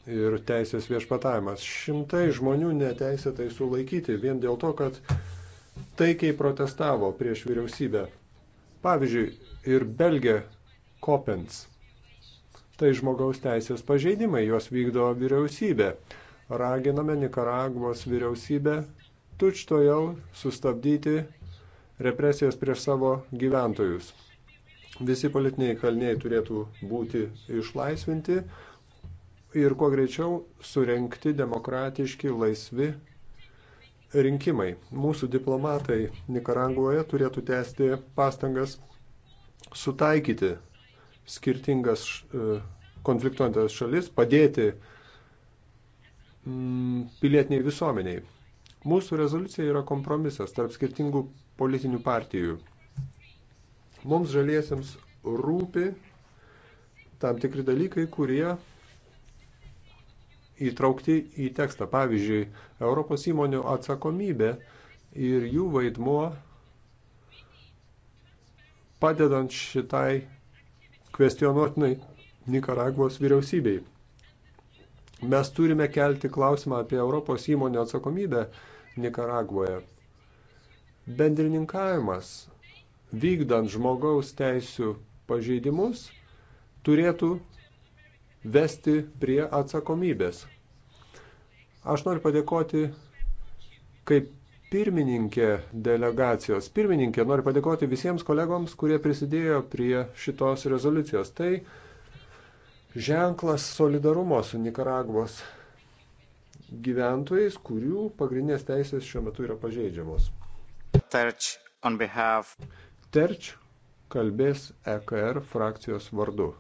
[SPEAKER 2] ir teisės viešpatavimas. Šimtai žmonių neteisėtai sulaikyti vien dėl to, kad taikiai protestavo prieš vyriausybę. Pavyzdžiui, ir Belgija Kopens. Tai žmogaus teisės pažeidimai, juos vykdo vyriausybė. Raginame Nikaragvos vyriausybę tučtojau sustabdyti represijas prieš savo gyventojus. Visi politiniai kalniai turėtų būti išlaisvinti, ir kuo greičiau surenkti demokratiški, laisvi rinkimai. Mūsų diplomatai Nikaragvoje turėtų tęsti pastangas sutaikyti skirtingas e, konfliktuojantas šalis, padėti mm, pilietiniai visuomeniai. Mūsų rezoliucija yra kompromisas tarp skirtingų politinių partijų. Mums žaliesiems rūpi tam tikri dalykai, kurie įtraukti į tekstą. Pavyzdžiui, Europos įmonių atsakomybė ir jų vaidmuo padedant šitai kvestionuotinai Nikaragvos vyriausybei. Mes turime kelti klausimą apie Europos įmonių atsakomybę Nikaragvoje. Bendrininkavimas vykdant žmogaus teisų pažeidimus turėtų vesti prie atsakomybės. Aš noriu padėkoti kaip pirmininkė delegacijos. Pirmininkė, noriu padėkoti visiems kolegoms, kurie prisidėjo prie šitos rezoliucijos. Tai ženklas solidarumo su Nikaragvos gyventojais, kurių pagrindinės teisės šiuo metu yra pažeidžiamos. Terč, behalf... Terč kalbės EKR frakcijos vardu.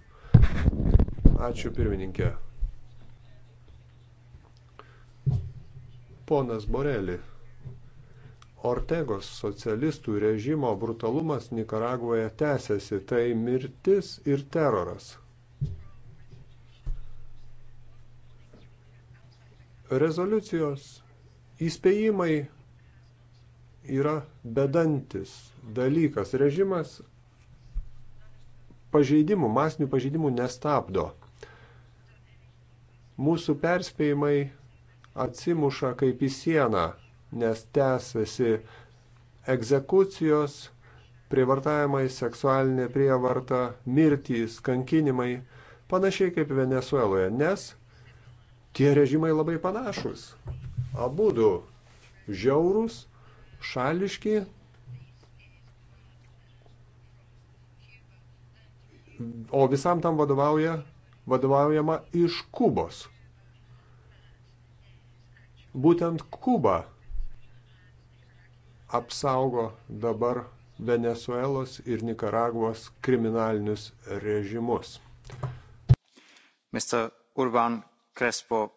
[SPEAKER 2] Ačiū pirmininkė. Ponas Borelį. Ortegos socialistų režimo brutalumas Nikaragvoje tęsiasi, tai mirtis ir teroras. Rezoliucijos įspėjimai yra bedantis dalykas. Režimas pažeidimų, masinių pažeidimų nestabdo. Mūsų perspėjimai atsimuša kaip į sieną, nes tęsiasi egzekucijos, prievartavimai, seksualinė prievarta, mirtys, kankinimai, panašiai kaip Venezueloje, nes tie režimai labai panašus. Abu du žiaurūs, šališki, o visam tam vadovauja vadovaujama iš Kubos. Būtent Kuba apsaugo dabar Venezuelos ir Nikaragvos kriminalinius režimus.
[SPEAKER 3] Mr. Urban Crespo,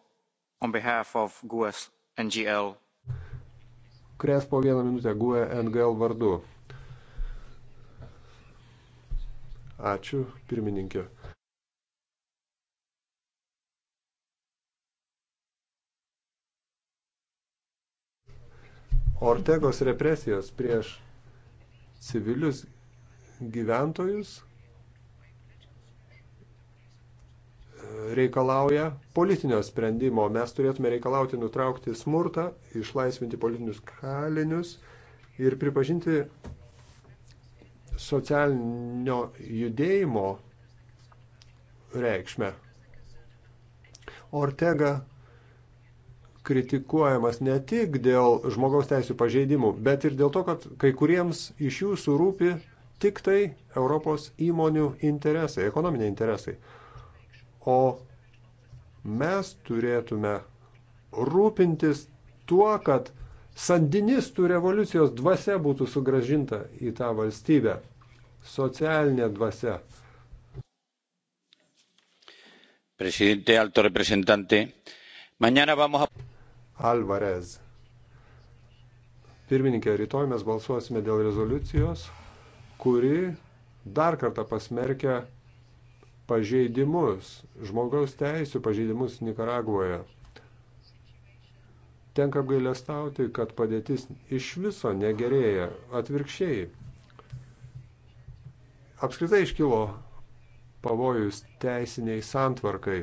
[SPEAKER 3] on behalf of GUES NGL.
[SPEAKER 2] Crespo vieną minutę GUE NGL vardu. Ačiū, pirmininkė. Ortegos represijos prieš civilius gyventojus reikalauja politinio sprendimo. Mes turėtume reikalauti nutraukti smurtą, išlaisvinti politinius kalinius ir pripažinti socialinio judėjimo reikšmę. Ortega kritikuojamas ne tik dėl žmogaus teisų pažeidimų, bet ir dėl to, kad kai kuriems iš jų surūpi tik tai Europos įmonių interesai, ekonominiai interesai. O mes turėtume rūpintis tuo, kad sandinistų revoliucijos dvasia būtų sugražinta į tą valstybę, socialinė dvasia.
[SPEAKER 3] Presidente, alto representante, mañana
[SPEAKER 2] vamos a. Alvarez. Pirmininkė, rytoj mes balsuosime dėl rezoliucijos, kuri dar kartą pasmerkia pažeidimus, žmogaus teisų pažeidimus Nikaragvoje. Tenka apgailestauti, kad padėtis iš viso negerėja, atvirkščiai. Apskritai iškilo pavojus teisiniai santvarkai.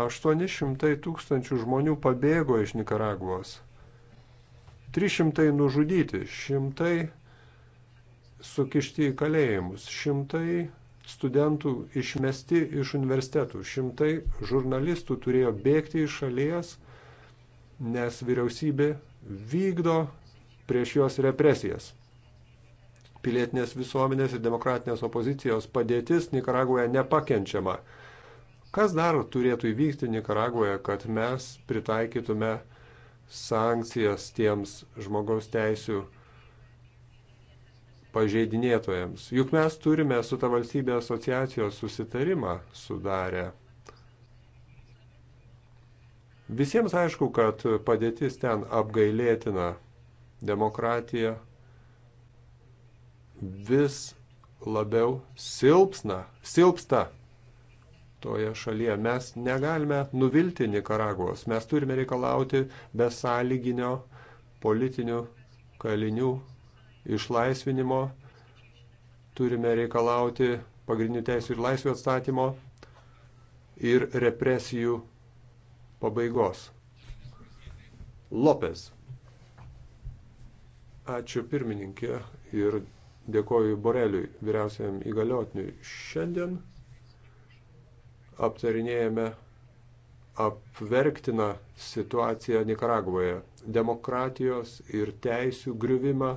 [SPEAKER 2] 800 tūkstančių žmonių pabėgo iš Nikaragvos. 300 nužudyti, šimtai sukišti į kalėjimus, šimtai studentų išmesti iš universitetų, šimtai žurnalistų turėjo bėgti iš šalies, nes vyriausybė vykdo prieš juos represijas. Pilietinės visuomenės ir demokratinės opozicijos padėtis Nikaragvoje nepakenčiama. Kas dar turėtų įvykti Nikaragoje, kad mes pritaikytume sankcijas tiems žmogaus teisių pažeidinėtojams? Juk mes turime su ta valstybė asociacijos susitarimą sudarę. Visiems aišku, kad padėtis ten apgailėtina. Demokratija vis labiau silpsna, silpsta toje šalyje. Mes negalime nuvilti Nikaragos, mes turime reikalauti besąlyginio politinių kalinių išlaisvinimo, turime reikalauti pagrindinių teisų ir laisvių atstatymo ir represijų pabaigos. Lopez. Ačiū pirmininkė ir dėkoju Boreliui, vyriausiam įgaliotiniui. Šiandien aptarinėjame apverktiną situaciją Nikaragvoje - demokratijos ir teisių griuvimą.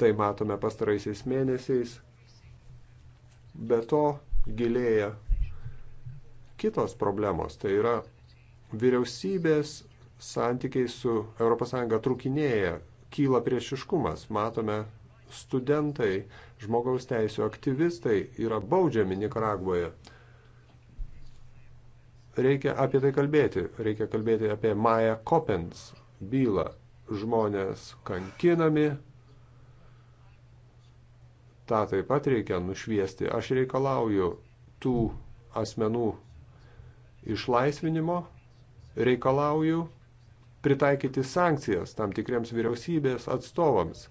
[SPEAKER 2] Tai matome pastaraisiais mėnesiais. Be to gilėja kitos problemos. Tai yra vyriausybės santykiai su ES trukinėja, kyla priešiškumas. Matome, studentai, žmogaus teisų aktyvistai yra baudžiami Nikaragvoje. Reikia apie tai kalbėti. Reikia kalbėti apie Maja Kopens bylą. Žmonės kankinami. Ta taip pat reikia nušviesti. Aš reikalauju tų asmenų išlaisvinimo. Reikalauju pritaikyti sankcijas tam tikriems vyriausybės atstovams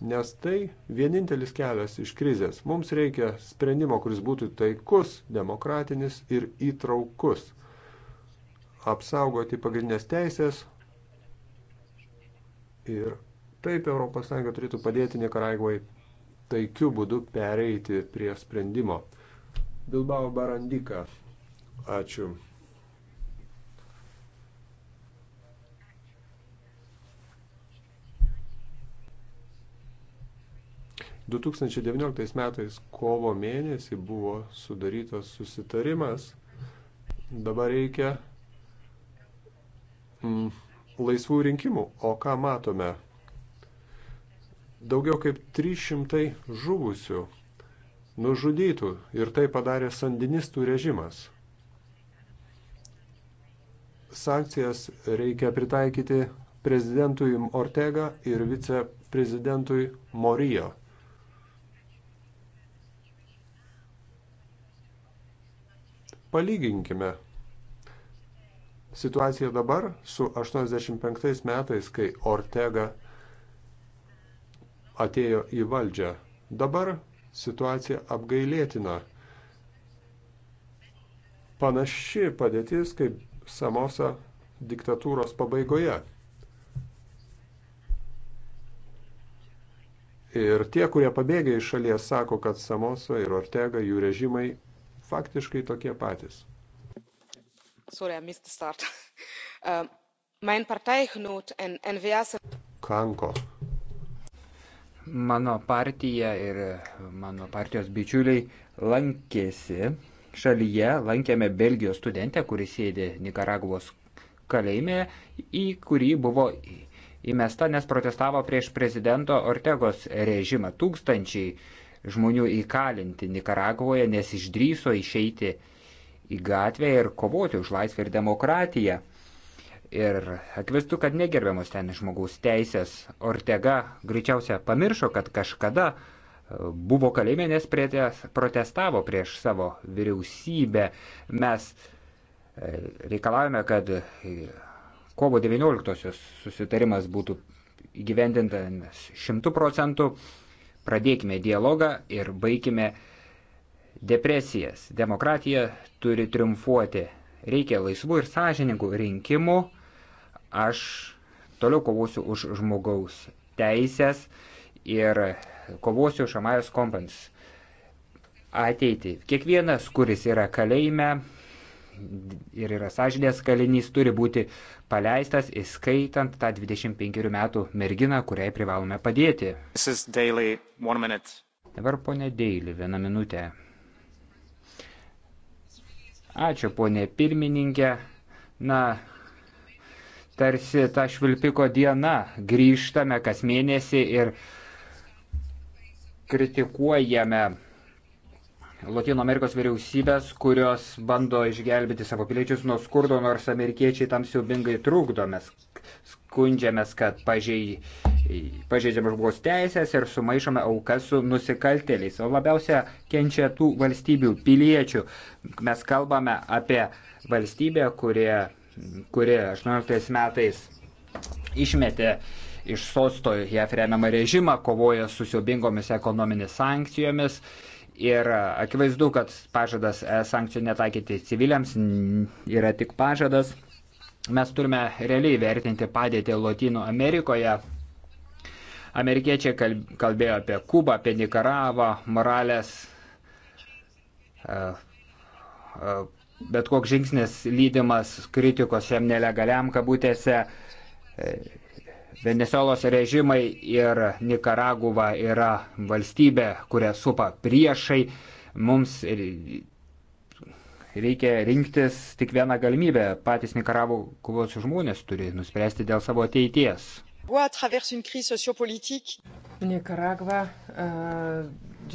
[SPEAKER 2] nes tai vienintelis kelias iš krizės. Mums reikia sprendimo, kuris būtų taikus, demokratinis ir įtraukus. Apsaugoti pagrindinės teisės ir taip ES turėtų padėti Nikaragvai taikiu būdu pereiti prie sprendimo. Bilbao Barandika. Ačiū. 2019 metais kovo mėnesį buvo sudarytas susitarimas. Dabar reikia mm, laisvų rinkimų. O ką matome? Daugiau kaip 300 žuvusių, nužudytų ir tai padarė sandinistų režimas. Sankcijas reikia pritaikyti prezidentui Ortega ir viceprezidentui Morijo. Palyginkime situaciją dabar su 85 metais, kai Ortega atėjo į valdžią. Dabar situacija apgailėtina. Panaši padėtis kaip Samosa diktatūros pabaigoje. Ir tie, kurie pabėgė iš šalies, sako, kad Samosa ir Ortega jų režimai faktiškai tokie patys.
[SPEAKER 1] Sorry, I missed the start. Uh, [laughs] mein Parteigenoot en NVS.
[SPEAKER 3] Kanko. Mano partija ir e, mano partijos bičiuliai lankėsi šalyje, lankėme Belgijos studentę, kuris sėdė Nikaragvos kalėjime, į kurį buvo įmesta, nes protestavo prieš prezidento Ortegos režimą. Tūkstančiai uh, žmonių įkalinti Nikaragvoje, nes išdryso išeiti į gatvę ir kovoti už laisvę ir demokratiją. Ir akivaizdu, kad negerbiamos ten žmogaus teisės. Ortega greičiausia pamiršo, kad kažkada e, buvo kalėjime, nes protestavo prieš savo vyriausybę. Mes e, reikalavome, kad e, kovo 19-osios susitarimas būtų įgyvendintas 100 procentų. Pradėkime dialogą ir baigime depresijas. Demokratija turi triumfuoti. Reikia laisvų ir sąžiningų rinkimų. Aš toliau kovosiu už žmogaus teisės ir kovosiu už Amajos kompans ateitį. Kiekvienas, kuris yra kalėjime, ir yra sąžinės kalinys, turi būti paleistas, įskaitant tą 25 metų merginą, kuriai privalome padėti. Daily, Dabar ponė Deilį, vieną minutę. Ačiū, ponė pirmininkė. Na, tarsi ta švilpiko diena grįžtame kas mėnesį ir kritikuojame Latino Amerikos vyriausybės, kurios bando išgelbėti savo piliečius nuo skurdo, nors amerikiečiai tam siubingai trukdomės, skundžiamės, kad pažei, pažeidžiam žmogaus teisės ir sumaišome aukas su nusikaltėliais. O labiausia kenčia tų valstybių piliečių. Mes kalbame apie valstybę, kurie, kurie 18 metais išmetė iš sosto JAF remiamą režimą, kovoja su siubingomis ekonominės sankcijomis Ir akivaizdu, kad pažadas e, sankcijų netaikyti civiliams yra tik pažadas. Mes turime realiai vertinti padėtį Latino Amerikoje. Amerikiečiai kalbėjo apie Kubą, apie Nikaragvą, Morales. E, e, bet koks žingsnis lydimas kritikos šiam nelegaliam kabutėse Venezuelos režimai ir Nikaraguva yra valstybė, kurią supa priešai. Mums reikia rinktis tik vieną galimybę. Patys Nikaraguvos žmonės turi nuspręsti dėl savo ateities.
[SPEAKER 1] Nikaragva e,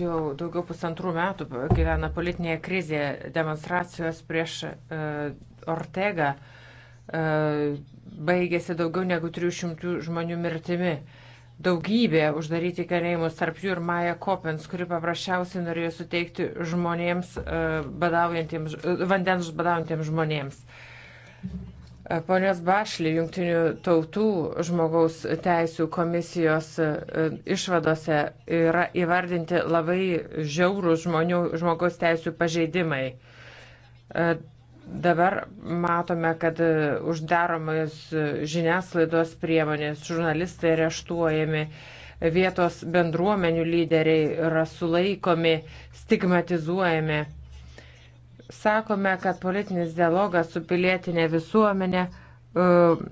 [SPEAKER 1] jau daugiau pusantrų metų gyvena politinėje krizėje. Demonstracijos prieš e, Ortega e, baigėsi daugiau negu 300 žmonių mirtimi. Daugybė uždaryti kalėjimus, tarp jų ir Maja Kopens, kuri paprasčiausiai norėjo suteikti žmonėms, e, badaujantiems, e, vandens badaujantiems žmonėms. E, ponios Bašly, Junktinių tautų žmogaus teisų komisijos išvadose yra įvardinti labai žiaurų žmonių, žmogaus teisų pažeidimai. Dabar matome, kad e, uždaromos e, žiniasklaidos priemonės, žurnalistai reštuojami, e, vietos bendruomenių lyderiai yra sulaikomi, stigmatizuojami. Sakome, kad politinis dialogas su pilietinė visuomenė uh,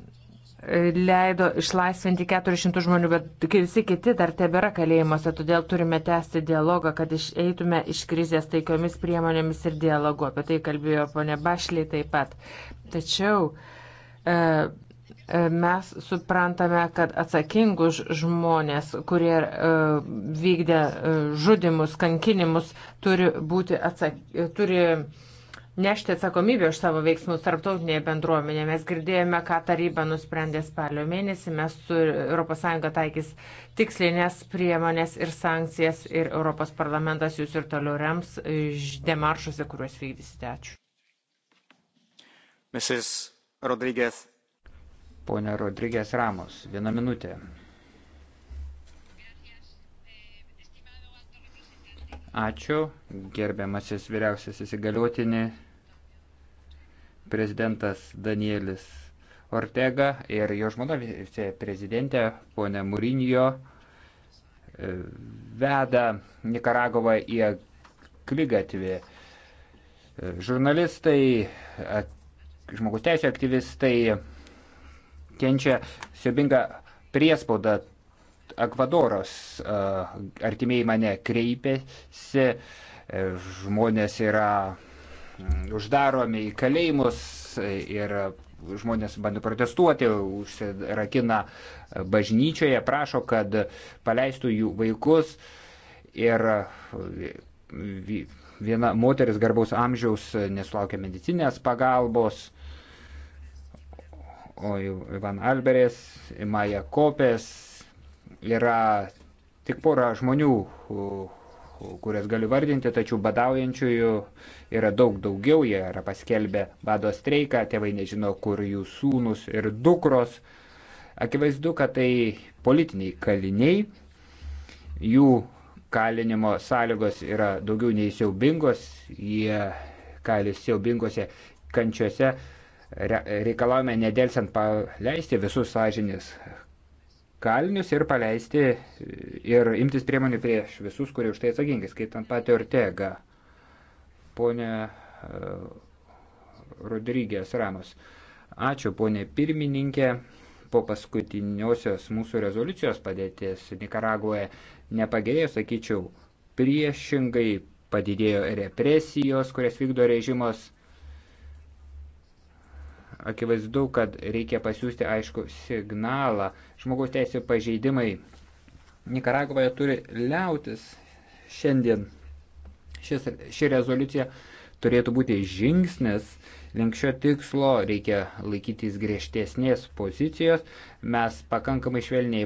[SPEAKER 1] leido išlaisvinti 400 žmonių, bet visi kiti dar tebėra kalėjimuose, todėl turime tęsti dialogą, kad eitume iš krizės taikiomis priemonėmis ir dialogu. Apie tai kalbėjo ponė Bašliai taip pat. Tačiau e, e mes suprantame, kad atsakingus žmonės, kurie e, vykdė e, žudimus, kankinimus, turi būti atsakingi, turi nešti atsakomybę už savo veiksmus tarptautinėje bendruomenėje. Mes girdėjome, ką taryba nusprendė spalio mėnesį. Mes su ES taikys tikslinės priemonės ir sankcijas ir Europos parlamentas jūs ir toliau rems demaršuose, kuriuos vykdysite. Ačiū.
[SPEAKER 3] Mrs. Rodrygės. Pone Rodrygės Ramos, vieną minutę. Ačiū, gerbiamasis vyriausiasis įgaliotinė, prezidentas Danielis Ortega ir jo žmona viceprezidentė ponė Mūrinjo e, veda Nikaragvą į kligatvį. E, žurnalistai, žmogus teisė aktyvistai kenčia siubingą priespaudą Ekvadoras e, artimiai mane kreipėsi, e, žmonės yra uždaromi į kalėjimus ir žmonės bando protestuoti, užsirakina bažnyčioje, prašo, kad paleistų jų vaikus ir viena moteris garbaus amžiaus nesulaukia medicinės pagalbos, o Ivan Alberės, Maja Kopės yra tik pora žmonių, kurias galiu vardinti, tačiau badaujančiųjų yra daug daugiau, jie yra paskelbę bado streiką, tėvai nežino, kur jų sūnus ir dukros. Akivaizdu, kad tai politiniai kaliniai, jų kalinimo sąlygos yra daugiau nei siaubingos, jie kalis siaubingose kančiuose reikalavome nedelsiant paleisti visus sąžinės kalinius ir paleisti ir imtis priemonių prieš visus, kurie už tai atsakingi, skaitant patį Ortegą, ponė e, Rodrygės Ramos. Ačiū, ponė pirmininkė. Po paskutiniosios mūsų rezoliucijos padėtis Nikaragoje nepagerėjo, sakyčiau, priešingai padidėjo represijos, kurias vykdo režimas akivaizdu, kad reikia pasiūsti aišku signalą žmogaus teisų pažeidimai Nikaragvoje turi liautis šiandien. Šis, ši rezoliucija turėtų būti žingsnis link šio tikslo, reikia laikytis griežtesnės pozicijos, mes pakankamai švelniai